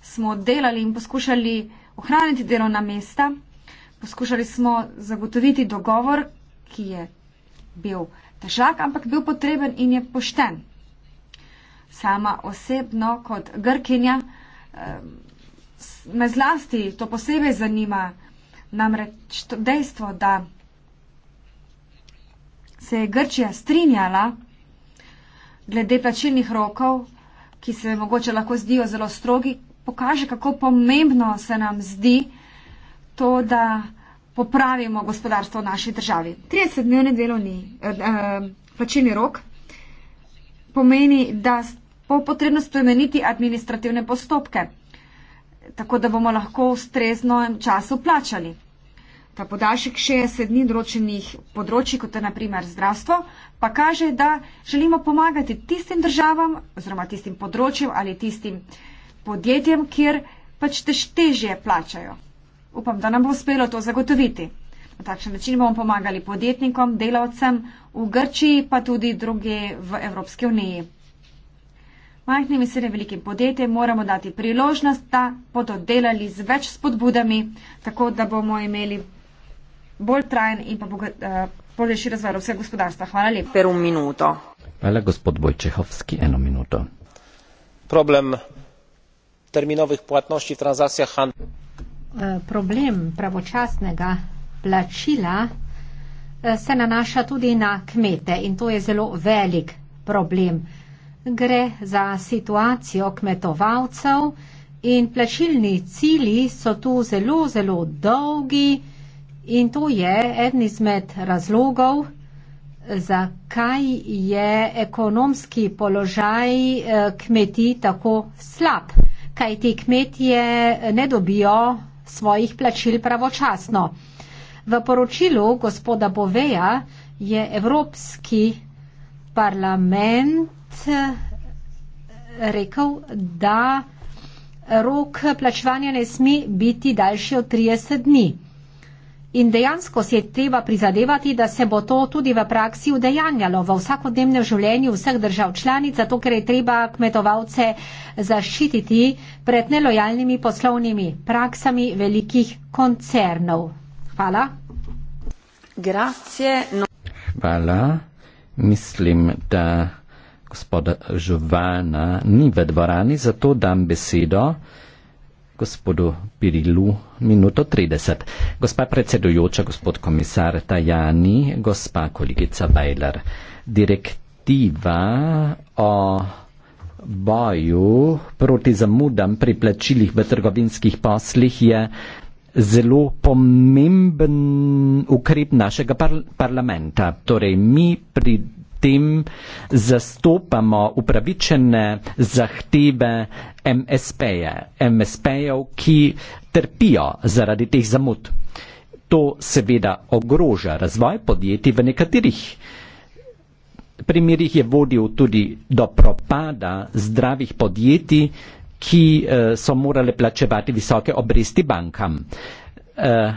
smo delali in poskušali ohraniti delovna mesta, poskušali smo zagotoviti dogovor, ki je bil težak, ampak bil potreben in je pošten. Sama osebno kot grkinja me zlasti to posebej zanima, namreč to dejstvo, da se je Grčija strinjala glede plačilnih rokov, ki se mogoče lahko zdijo zelo strogi, pokaže, kako pomembno se nam zdi to, da popravimo gospodarstvo v naši državi. 30-dnevni delovni eh, plačilni rok pomeni, da bo potrebno spremeniti administrativne postopke, tako da bomo lahko v streznem času plačali. Ta podaljšek 60 dni določenih področji, kot je naprimer zdravstvo, pa kaže, da želimo pomagati tistim državam oziroma tistim področjem ali tistim podjetjem, kjer pač težje plačajo. Upam, da nam bo uspelo to zagotoviti. Na takšen način bomo pomagali podjetnikom, delavcem v Grčiji, pa tudi druge v Evropski uniji. Majhnim in srednjim velikim podjetjem moramo dati priložnost, da bodo delali z več spodbudami, tako da bomo imeli bolj trajen in pa eh, boljši razvoj vseh gospodarstva. Hvala lepa. Hvala, gospod Bojčehovski. Eno minuto. Problem terminovih platnosti v transakcijah. Eh, problem pravočasnega plačila eh, se nanaša tudi na kmete in to je zelo velik problem. Gre za situacijo kmetovalcev in plačilni cili so tu zelo, zelo dolgi in to je eden izmed razlogov, zakaj je ekonomski položaj eh, kmetij tako slab. Kaj ti kmetije ne dobijo svojih plačil pravočasno. V poročilu gospoda Boveja je Evropski parlament eh, rekel, da rok plačevanja ne sme biti daljši od 30 dni. In dejansko si je treba prizadevati, da se bo to tudi v praksi udejanjalo v vsakodnevnem življenju vseh držav članic, zato ker je treba kmetovalce zaščititi pred nelojalnimi poslovnimi praksami velikih koncernov. Hvala. Grazie, no. Hvala. Mislim, da gospoda Žovana ni v dvorani, zato dam besedo gospodu Pirilu minuto 30. Gospa predsedujoča, gospod komisar Tajani, gospa kolegica Bajler. Direktiva o boju proti zamudam pri plačilih v trgovinskih poslih je zelo pomemben ukrep našega par parlamenta. Torej, mi pri tem zastopamo upravičene zahteve MSP-je, MSP-jev, ki trpijo zaradi teh zamud. To seveda ogroža razvoj podjetij v nekaterih primerih je vodil tudi do propada zdravih podjetij, ki eh, so morale plačevati visoke obresti bankam. Eh,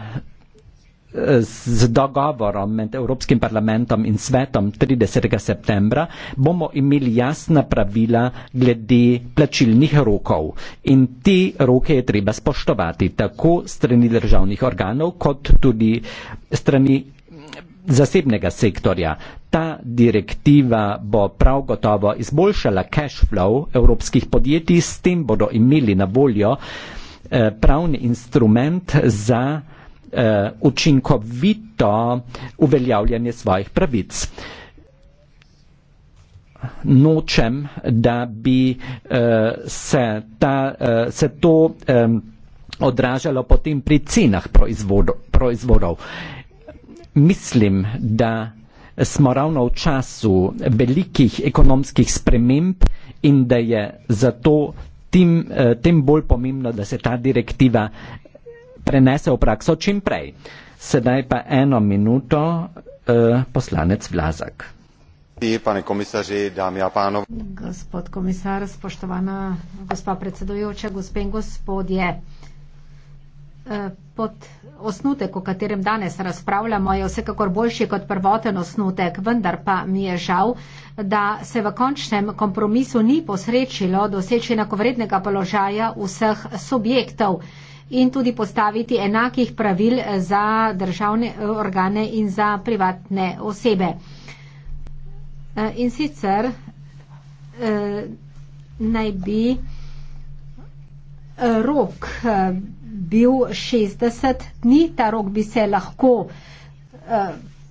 z dogovorom med Evropskim parlamentom in svetom 30. septembra bomo imeli jasna pravila glede plačilnih rokov in te roke je treba spoštovati tako strani državnih organov kot tudi strani zasebnega sektorja. Ta direktiva bo prav gotovo izboljšala cash flow evropskih podjetij, s tem bodo imeli na voljo eh, pravni instrument za uh, učinkovito uveljavljanje svojih pravic. Nočem, da bi uh, se, ta, uh, se to um, odražalo potem pri cenah proizvodo, proizvodov. Mislim, da smo ravno v času velikih ekonomskih sprememb in da je zato tem, tem bolj pomembno, da se ta direktiva prenese v prakso čim prej. Sedaj pa eno minuto eh, poslanec Vlazak. Pane komisarji, dame in panovi. Gospod komisar, spoštovana gospa predsedujoča, gospe in gospodje. Eh, pod osnutek, o katerem danes razpravljamo, je vsekakor boljši kot prvoten osnutek, vendar pa mi je žal, da se v končnem kompromisu ni posrečilo doseči enakovrednega položaja vseh subjektov in tudi postaviti enakih pravil za državne eh, organe in za privatne osebe. Eh, in sicer eh, naj bi rok bil 60 dni, ta rok bi se lahko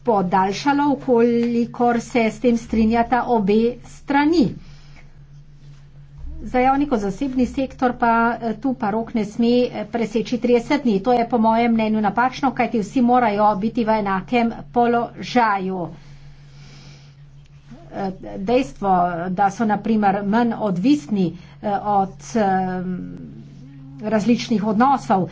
podaljšalo, ukolikor se s tem strinjata obe strani. Za javni kot zasebni sektor pa eh, tu pa rok ne sme eh, preseči 30 dni. To je po mojem mnenju napačno, kajti vsi morajo biti v enakem položaju. Eh, dejstvo, da so naprimer manj odvisni od ehm, različnih odnosov,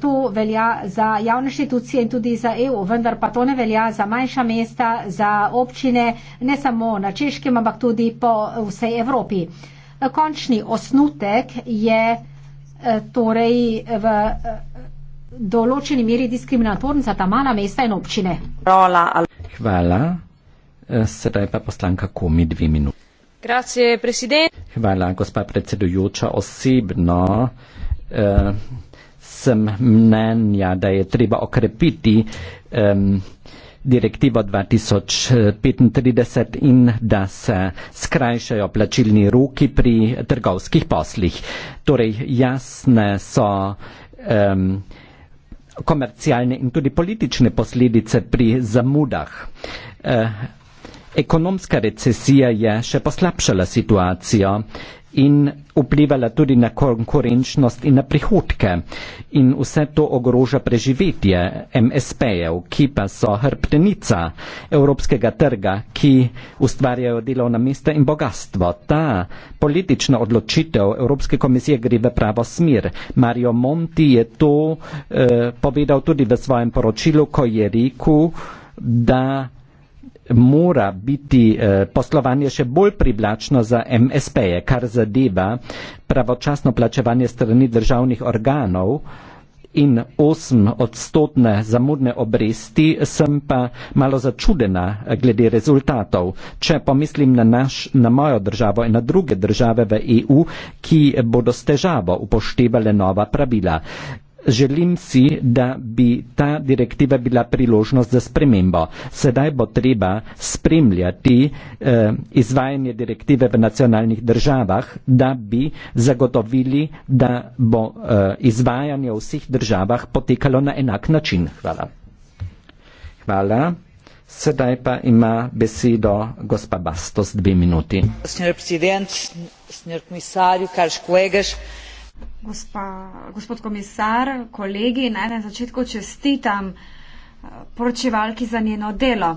to velja za javne inštitucije in tudi za EU, vendar pa to ne velja za manjša mesta, za občine, ne samo na češkem, ampak tudi po vsej Evropi. Končni osnutek je eh, torej v eh, določeni meri diskriminatorn za ta mala mesta in občine. Hvala. Eh, sedaj pa poslanka Komi dve minuti. Grazie, president. Hvala, gospa predsedujoča. Osebno eh, sem mnenja, da je treba okrepiti eh, direktivo 2035 eh, in da se skrajšajo plačilni roki pri trgovskih poslih. Torej jasne so um, komercialne in tudi politične posledice pri zamudah. Uh, ekonomska recesija je še poslabšala situacijo. Uh, in vplivala tudi na konkurenčnost in na prihodke. In vse to ogroža preživetje MSP-jev, ki pa so hrbtenica evropskega trga, ki ustvarjajo delovna mesta in bogatstvo. Ta politična odločitev Evropske komisije gre v pravo smer. Mario Monti je to eh, povedal tudi v svojem poročilu, ko je rekel, da mora biti eh, poslovanje še bolj privlačno za MSP-je, kar zadeva pravočasno plačevanje strani državnih organov in 8 odstotne zamudne obresti, sem pa malo začudena eh, glede rezultatov. Če pomislim na, naš, na mojo državo in na druge države v EU, ki bodo s težavo upoštevale nova pravila. Želim si, da bi ta direktiva bila priložnost za spremembo. Sedaj bo treba spremljati eh, izvajanje direktive v nacionalnih državah, da bi zagotovili, da bo eh, izvajanje v vseh državah potekalo na enak način. Hvala. Hvala. Sedaj pa ima besedo gospa Bastos dve minuti. Gospod predsednik, gospod komisar, kaj školegaš? Gospa, gospod komisar, kolegi, naj na začetku čestitam eh, poročevalki za njeno delo.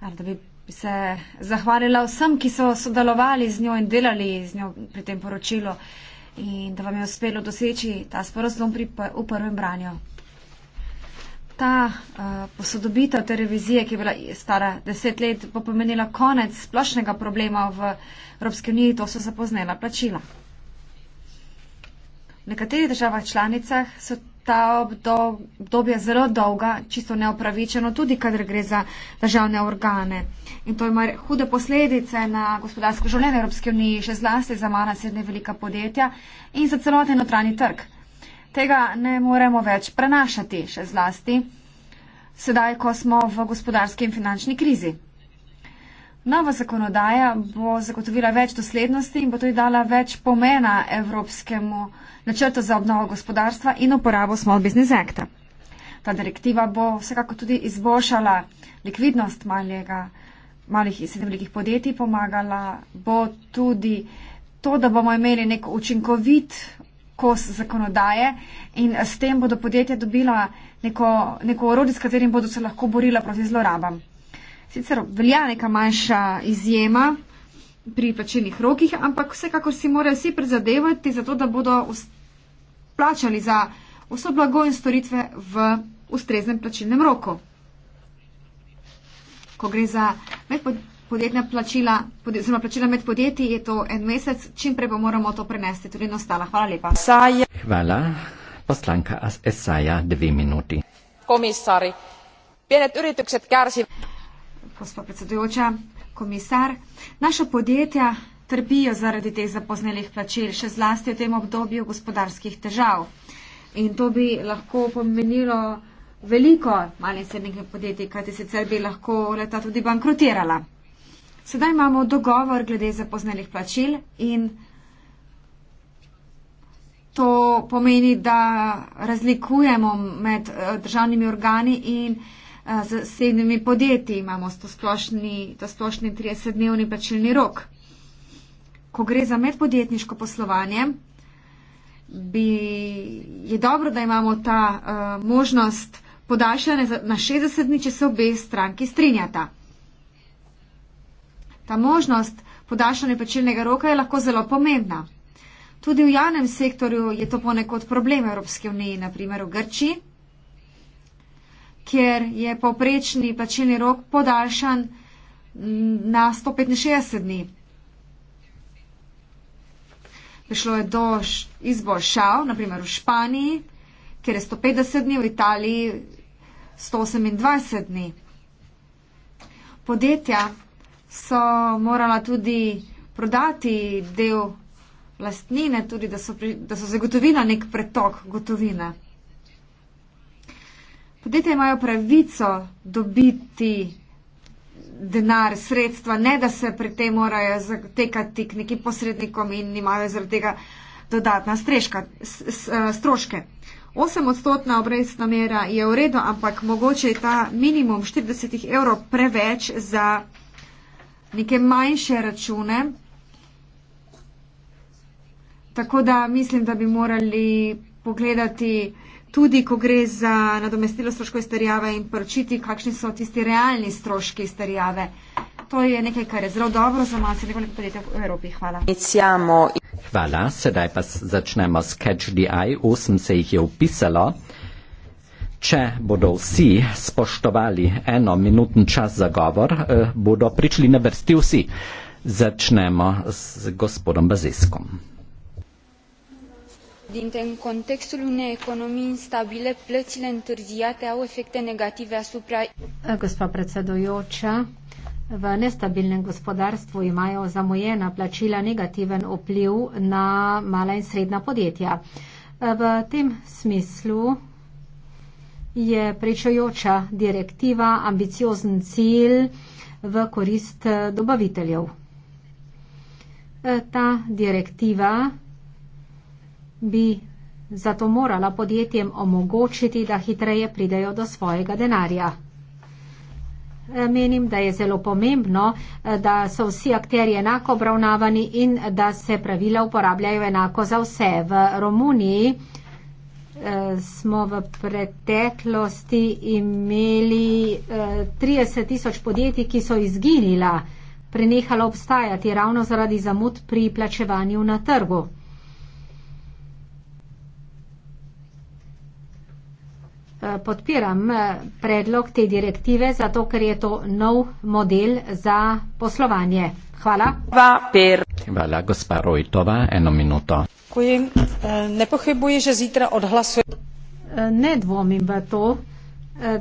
Da bi se zahvalila vsem, ki so sodelovali z njo in delali z njo pri tem poročilu in da vam je uspelo doseči ta sporozum pri v prvem branju. Ta uh, posodobitev televizije, ki je bila stara deset let, bo pomenila konec splošnega problema v Evropski uniji, to so zapoznela plačila nekaterih državah članicah so ta obdobja zelo dolga, čisto neopravičeno, tudi kadar gre za državne organe. In to ima hude posledice na gospodarsko življenje Evropske unije, še zlasti za mala srednje velika podjetja in za celoten notranji trg. Tega ne moremo več prenašati, še zlasti sedaj, ko smo v gospodarski in finančni krizi. Nova zakonodaja bo zagotovila več doslednosti in bo tudi dala več pomena Evropskemu načrtu za obnovo gospodarstva in uporabo Small Business Acta. Ta direktiva bo vsekako tudi izboljšala likvidnost malega, malih in srednjih podjetij, pomagala bo tudi to, da bomo imeli nek učinkovit kos zakonodaje in s tem bodo podjetja dobila neko, neko orodje, s katerim bodo se lahko borila proti zlorabam sicer velja neka manjša izjema pri plačenih rokih, ampak vsekakor si morajo vsi prizadevati za to, da bodo plačali za vso blago in storitve v ustreznem plačilnem roku. Ko gre za medpodjetna plačila, podje, zelo plačila med podjetji, je to en mesec, čim prej pa moramo to prenesti tudi na ostala. Hvala lepa. Hvala. Poslanka Esaja, dve minuti. Komisari, pienet yritykset kärsivät gospod predsedujoča, komisar. Naša podjetja trpijo zaradi teh zapoznelih plačil, še zlasti v tem obdobju gospodarskih težav. In to bi lahko pomenilo veliko malih srednjih podjetij, kajti sicer bi lahko leta tudi bankrotirala. Sedaj imamo dogovor glede zapoznelih plačil in to pomeni, da razlikujemo med eh, državnimi organi in z sedmimi podjetji imamo to splošni 30-dnevni plačilni rok. Ko gre za medpodjetniško poslovanje, bi, je dobro, da imamo ta uh, možnost podaljšanja na 60 dni, če se obe stranki strinjata. Ta možnost podaljšanja plačilnega roka je lahko zelo pomembna. Tudi v javnem sektorju je to ponekod problem Evropske unije, naprimer v Grčiji kjer je povprečni plačilni rok podaljšan na 165 dni. Prišlo je do izboljšav, naprimer v Španiji, kjer je 150 dni, v Italiji 128 dni. Podjetja so morala tudi prodati del lastnine, tudi da so, pri, da so zagotovila nek pretok gotovine. Podjetja imajo pravico dobiti denar, sredstva, ne da se pri tem morajo zatekati k nekim posrednikom in imajo zaradi tega dodatna streška, s, s, eh, stroške. 8 odstotna obrestna mera je v redu, ampak mogoče je ta minimum 40 evrov preveč za neke manjše račune. Tako da mislim, da bi morali pogledati, tudi ko gre za nadomestilo stroškov izterjave in poročiti, kakšni so tisti realni stroški izterjave. To je nekaj, kar je zelo dobro za malce nekoliko podjetja v Evropi. Hvala. Iniciamo. Hvala, sedaj pa začnemo s CatchDI. Osem se jih je upisalo. Če bodo vsi spoštovali eno minuten čas za govor, eh, bodo prišli na vrsti vsi. Začnemo s gospodom Baziskom în contextul unei economii instabile plăile întârziate au efecte negative asupra v nestabilnem gospodarstvu imajo zamujena plačila negativen vpliv na mala in srednja podjetja. V tem smislu je prečojoča direktiva ambiciozen cilj v korist dobaviteljev. Ta direktiva bi zato morala podjetjem omogočiti, da hitreje pridejo do svojega denarja. E, menim, da je zelo pomembno, e, da so vsi akteri enako obravnavani in da se pravila uporabljajo enako za vse. V Romuniji e, smo v preteklosti imeli 30 tisoč podjetij, ki so izginila, prenehala obstajati ravno zaradi zamud pri plačevanju na trgu. podpiram eh, predlog te direktive, zato ker je to nov model za poslovanje. Hvala. Hvala, gospa Rojtova, eno minuto. Eh, eh, ne pohibuje, že zjutraj odhlasujem. Ne dvomim v to,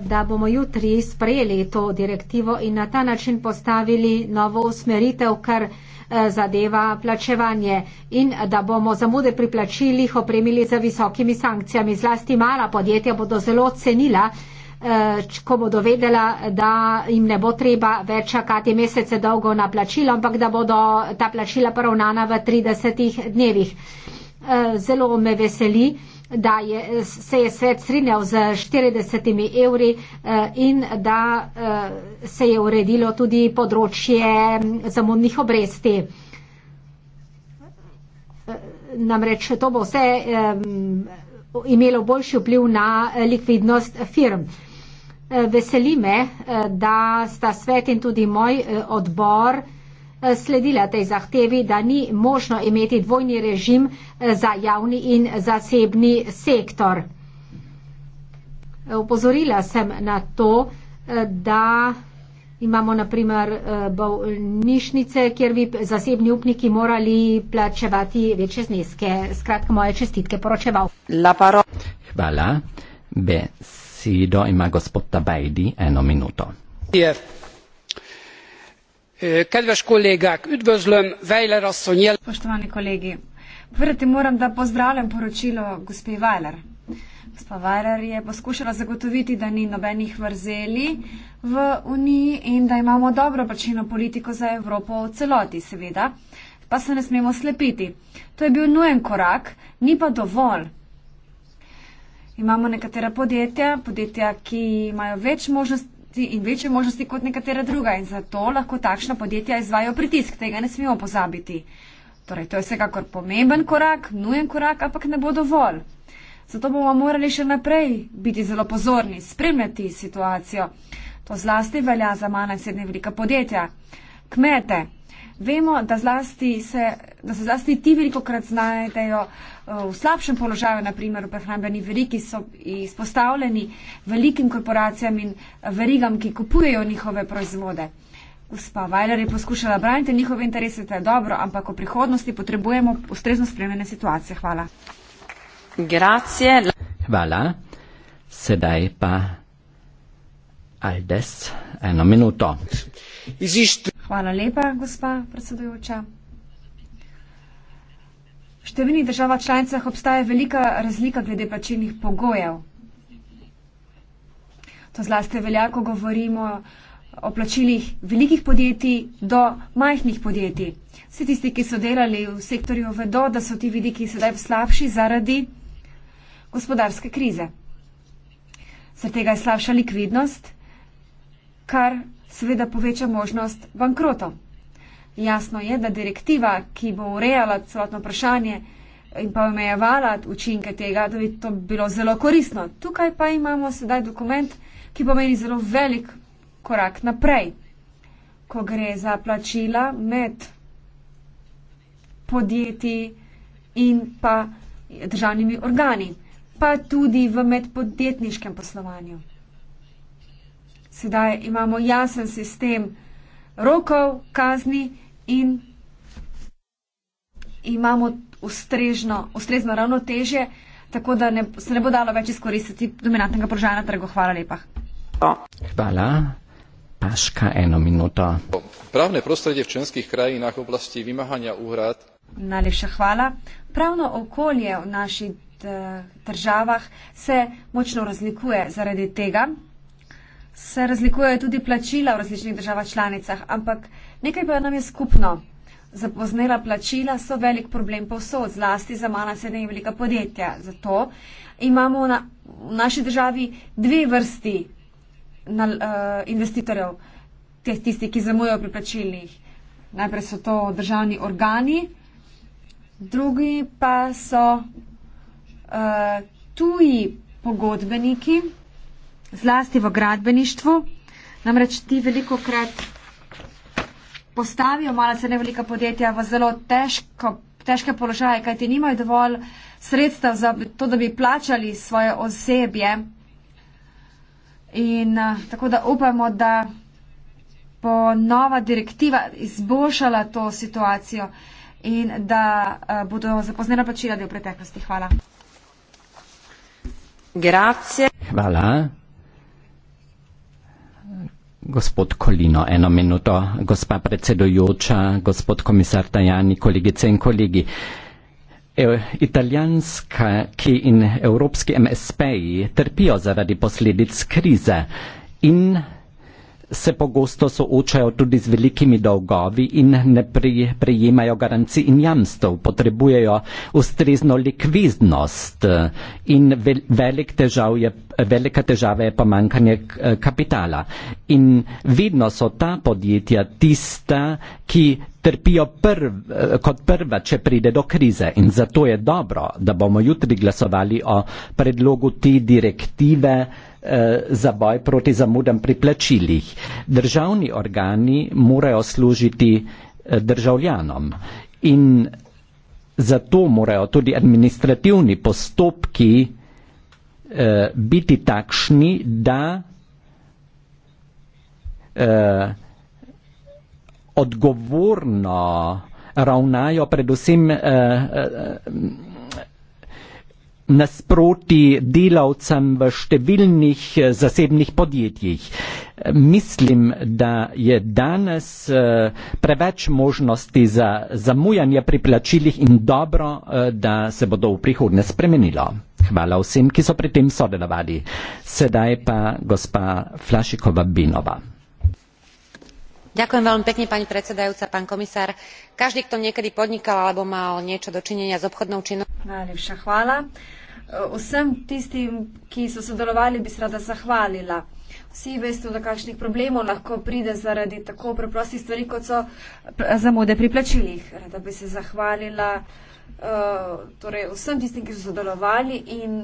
da bomo jutri sprejeli to direktivo in na ta način postavili novo usmeritev, kar. Eh, zadeva plačevanje in da bomo zamude pri plačilih opremili za visokimi sankcijami. Zlasti mala podjetja bodo zelo cenila, eh, ko bodo vedela, da jim ne bo treba več čakati mesece dolgo na plačilo, ampak da bodo ta plačila poravnana v 30 dnevih. Eh, zelo me veseli da je, se je svet strinjal z 40 evri eh, in da eh, se je uredilo tudi področje mm, zamudnih obresti. Eh, namreč to bo vse imelo boljši vpliv na likvidnost firm. Veseli me, da sta svet in tudi moj odbor Eh, sledila tej zahtevi, da ni možno imeti dvojni režim eh, za javni in zasebni sektor. Upozorila eh, sem na to, da imamo naprimer bolnišnice, kjer bi zasebni upniki morali plačevati večje zneske. Skratka, moje čestitke poročeval. Hvala. Besedo ima gospod Tabajdi eno minuto. Yeah spoštovani kolegi povedati moram da pozdravljam poročilo gospe weiler. gospa weiler je poskušala zagotoviti da ni nobenih vrzeli v uniji in da imamo dobro plačilno politiko za evropo v celoti seveda pa se ne smemo slepiti to je bil nujen korak ni pa dovolj imamo nekatera podjetja podjetja ki imajo več možnosti možnosti in večje možnosti kot nekatera druga in zato lahko takšna podjetja izvajo pritisk, tega ne smemo pozabiti. Torej, to je vsekakor pomemben korak, nujen korak, ampak ne bo dovolj. Zato bomo morali še naprej biti zelo pozorni, spremljati situacijo. To zlasti velja za mala in srednje velika podjetja. Kmete, Vemo, da, se, da se zlasti ti veliko krat znajdejo eh, v slabšem položaju, naprimer v prehrambeni veriki so izpostavljeni velikim korporacijam in verigam, ki kupujejo njihove proizvode. Gospa Vajler je poskušala braniti njihove interese, to je dobro, ampak v prihodnosti potrebujemo ustrezno spremljene situacije. Hvala. Grazie. Hvala. Sedaj pa Aldes eno minuto. Hvala lepa, gospa predsedujoča. V številnih državah članicah obstaja velika razlika glede plačilnih pogojev. To zlasti velja, ko govorimo o plačilih velikih podjetij do majhnih podjetij. Vsi tisti, ki so delali v sektorju, vedo, da so ti vidiki sedaj slabši zaradi gospodarske krize. Zaradi tega je slabša likvidnost, kar seveda poveča možnost bankrotov. Jasno je, da direktiva, ki bo urejala celotno vprašanje in pa omejevala učinke tega, da bi to bilo zelo korisno. Tukaj pa imamo sedaj dokument, ki pomeni zelo velik korak naprej. Ko gre za plačila med podjetji in pa državnimi organi, pa tudi v medpodjetniškem poslovanju sedaj imamo jasen sistem rokov, kazni in imamo ustrežno, ustrezno ravnotežje, tako da ne, se ne bo dalo več izkoristiti dominantnega položaja na trgu. Hvala lepa. Hvala. Paška eno minuto. Pravne prostredje v členskih krajinah oblasti vymahanja úhrad. Najlepša hvala. Pravno okolje v naših eh, državah se močno razlikuje zaradi tega, se razlikujejo tudi plačila v različnih državah članicah, ampak nekaj pa nam je skupno. Zapoznela plačila so velik problem povsod, zlasti za mala srednja in velika podjetja. Zato imamo na, v naši državi dve vrsti na, uh, eh, investitorjev, teh tistih, ki zamujajo pri plačilih. Najprej so to državni organi, drugi pa so uh, tuji pogodbeniki, zlasti v gradbeništvu. Namreč ti veliko krat postavijo mala srednja velika podjetja v zelo težko, težke položaje, kaj ti nimajo dovolj sredstev za to, da bi plačali svoje osebje. In eh, tako da upamo, da bo nova direktiva izboljšala to situacijo in da uh, bodo zapoznena plačila del preteklosti. Hvala. Grazie. Hvala. Gospod Kolino, eno minuto. Gospa predsedujoča, gospod komisar Tajani, kolegice in kolegi. E, italijanska, ki in evropski MSP trpijo zaradi posledic krize in se pogosto soočajo tudi z velikimi dolgovi in ne prijemajo garanci in jamstv, potrebujejo ustrezno likviznost eh, in velik težav je, velika težava je pomankanje eh, kapitala. In vedno so ta podjetja tista, ki trpijo prv, eh, kot prva, če pride do krize. In zato je dobro, da bomo jutri glasovali o predlogu te direktive, Eh, za boj proti zamudam pri plačilih. Državni organi morajo služiti eh, državljanom in zato morajo tudi administrativni postopki eh, biti takšni, da odgovorno ravnajo predvsem nasproti delavcem v številnih eh, zasebnih podjetjih. Mislim, da je danes eh, preveč možnosti za zamujanje pri plačilih in dobro, eh, da se bodo v prihodnje spremenilo. Hvala vsem, ki so pri tem sodelovali. Sedaj pa gospa Flašikova Binova. Ďakujem veľmi pekne, pani predsedajúca, pán komisár. Každý, kto niekedy podnikal alebo mal niečo dočinenia s obchodnou činnosťou. Najlepšia chvála. Uh, vsem tistim, ki so sodelovali, bi se rada zahvalila. Vsi veste, da kakšnih problemov lahko pride zaradi tako preprostih stvari, kot so zamude pri plačilih. Rada bi se zahvalila uh, torej vsem tistim, ki so sodelovali in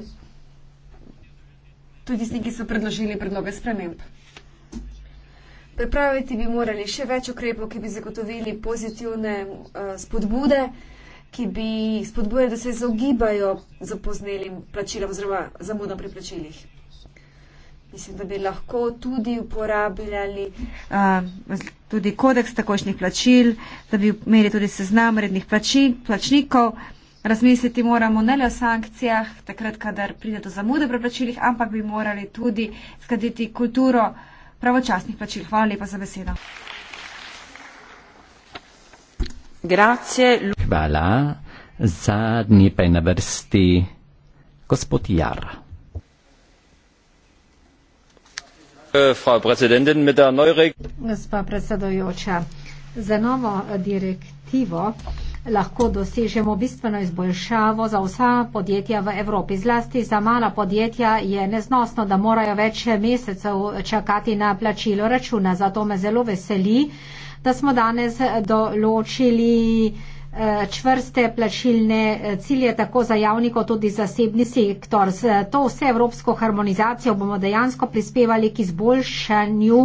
tudi tistim, ki so predložili predloge sprememb. Pripraviti bi morali še več ukrepov, ki bi zagotovili pozitivne uh, spodbude uh, ki bi spodbujali, da se izogibajo zapoznelim plačilom oziroma zamudom pri plačilih. Mislim, da bi lahko tudi uporabljali uh, tudi kodeks takošnjih plačil, da bi imeli tudi seznam rednih plači, plačnikov. Razmisliti moramo ne le o sankcijah, takrat, kadar pride do zamude pri plačilih, ampak bi morali tudi skaditi kulturo pravočasnih plačil. Hvala lepa za besedo. Hvala. Zadnji pa je na vrsti gospod Jar. Äh, Gospa predsedujoča, za novo direktivo lahko dosežemo bistveno izboljšavo za vsa podjetja v Evropi. Zlasti za mala podjetja je neznosno, da morajo več mesecev čakati na plačilo računa. Zato me zelo veseli, da smo danes eh, določili eh, čvrste plačilne eh, cilje tako za javni kot tudi zasebni sektor. Z to vse evropsko harmonizacijo bomo dejansko prispevali k izboljšanju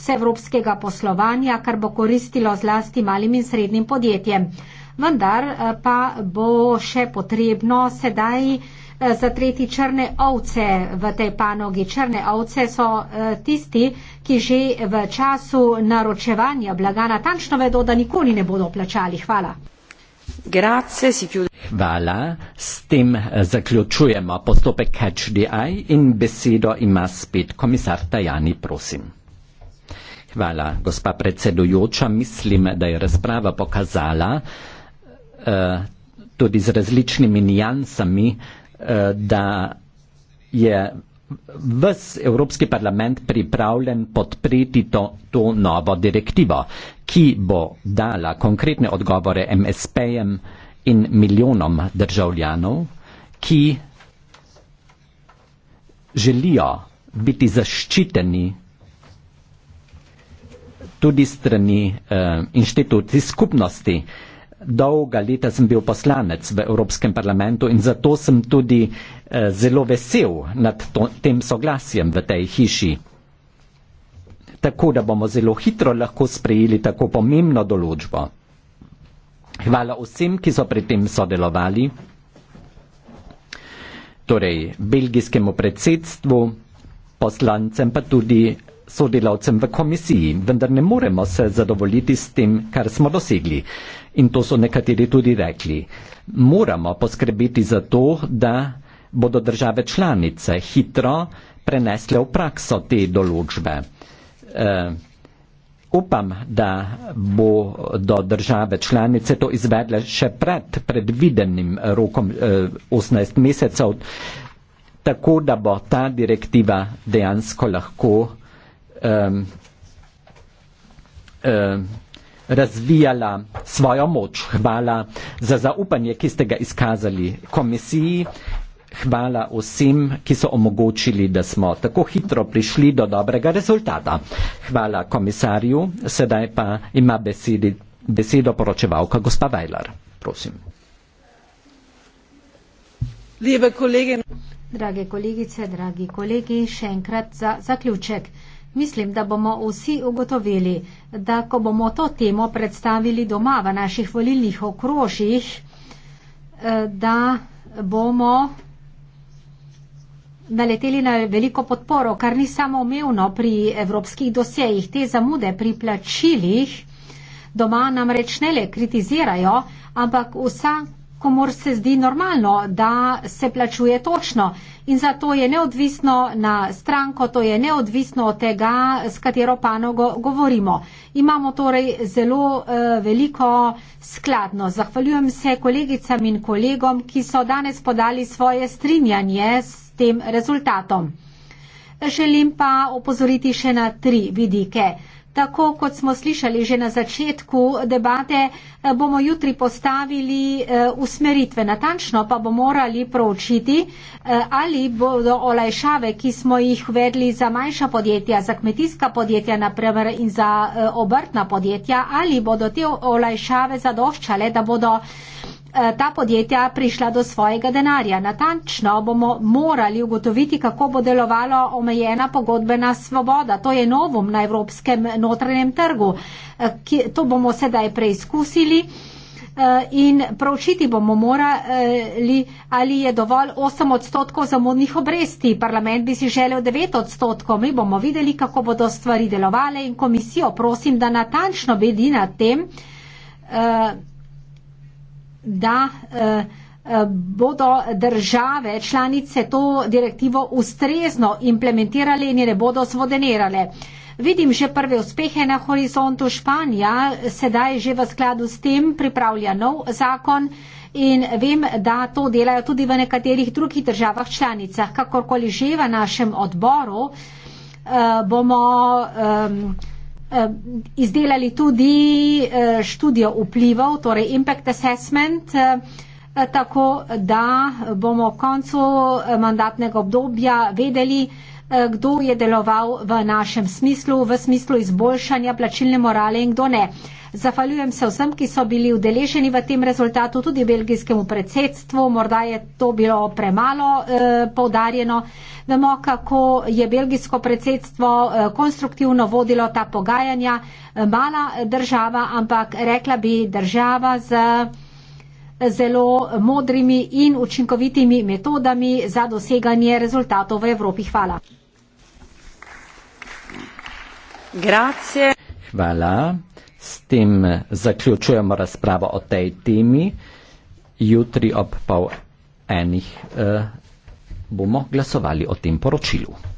vseevropskega poslovanja, kar bo koristilo zlasti malim in srednjim podjetjem. Vendar pa bo še potrebno sedaj zatreti črne ovce v tej panogi. Črne ovce so eh, tisti, ki že v času naročevanja blaga natančno vedo, da nikoli ne bodo plačali. Hvala. Hvala. S tem eh, zaključujemo postopek HDI in besedo ima spet komisar Tajani, prosim. Hvala, gospa predsedujoča. Mislim, da je razprava pokazala uh, tudi z različnimi nijansami, uh, Eh, da je ves Evropski parlament pripravljen podpreti to, to novo direktivo, ki bo dala konkretne odgovore MSP-jem in milijonom državljanov, ki želijo biti zaščiteni tudi strani uh, inštitucij skupnosti. Uh, Dolga leta sem bil poslanec v Evropskem parlamentu in zato sem tudi eh, zelo vesel nad to, tem soglasjem v tej hiši. Tako da bomo zelo hitro lahko sprejeli tako pomembno določbo. Hvala vsem, ki so pri tem sodelovali, torej belgijskemu predsedstvu, poslancem pa tudi sodelavcem v komisiji, vendar ne moremo se zadovoljiti s tem, kar smo dosegli. In to so nekateri tudi rekli. Moramo poskrbeti za to, da bodo države članice hitro prenesle v prakso te določbe. E, upam, da bodo države članice to izvedle še pred predvidenim rokom e, eh, 18 mesecev, tako da bo ta direktiva dejansko lahko um, um, razvijala svojo moč. Hvala za zaupanje, ki ste ga izkazali komisiji. Hvala vsem, ki so omogočili, da smo tako hitro prišli do dobrega rezultata. Hvala komisarju. Sedaj pa ima besedi, besedo poročevalka gospa Vajlar. Prosim. Drage kolegice, dragi kolegi, še enkrat za zaključek. Mislim, da bomo vsi ugotovili, da ko bomo to temo predstavili doma v naših volilnih okrožjih, eh, da bomo naleteli na veliko podporo, kar ni samo omevno pri evropskih dosejih. Te zamude pri plačilih doma namreč ne le kritizirajo, ampak vsa komor se zdi normalno, da se plačuje točno. In zato je neodvisno na stranko, to je neodvisno od tega, s katero panogo govorimo. Imamo torej zelo uh, veliko skladno. Zahvaljujem se kolegicam in kolegom, ki so danes podali svoje strinjanje s tem rezultatom. Želim pa opozoriti še na tri vidike. Tako kot smo slišali že na začetku debate, eh, bomo jutri postavili eh, usmeritve. Natančno pa bomo morali proučiti, eh, ali bodo olajšave, ki smo jih vedli za manjša podjetja, za kmetijska podjetja naprimer in za obrtna podjetja, ali bodo te olajšave zadoščale, da bodo Eh, ta podjetja prišla do svojega denarja. Natančno bomo morali ugotoviti, kako bo delovala omejena pogodbena svoboda. To je novom na evropskem notranjem trgu. Eh, to bomo sedaj preizkusili eh, in pravčiti bomo morali, ali je dovolj 8 odstotkov zamudnih obresti. Parlament bi si želel 9 odstotkov. Mi bomo videli, kako bodo stvari delovale in komisijo prosim, da natančno bedi na tem. Uh, da eh, eh, bodo države članice to direktivo ustrezno implementirale in je ne bodo svodenirale. Vidim že prve uspehe na horizontu Španija, sedaj že v skladu s tem pripravlja nov zakon in vem, da to delajo tudi v nekaterih drugih državah članicah. Kakorkoli že v našem odboru eh, bomo. Um, Eh, izdelali tudi eh, študijo vplivov, torej impact assessment, eh, tako da bomo v koncu mandatnega obdobja vedeli, Eh, kdo je deloval v našem smislu, v smislu izboljšanja plačilne morale in kdo ne. Zahvaljujem se vsem, ki so bili udeleženi v tem rezultatu, tudi belgijskemu predsedstvu. Morda je to bilo premalo eh, povdarjeno. Vemo, kako je belgijsko predsedstvo eh, konstruktivno vodilo ta pogajanja. Mala država, ampak rekla bi država z zelo modrimi in učinkovitimi metodami za doseganje rezultatov v Evropi. Hvala. Grazie. Hvala. S tem zaključujemo razpravo o tej temi. Jutri ob pol enih eh, bomo glasovali o tem poročilu.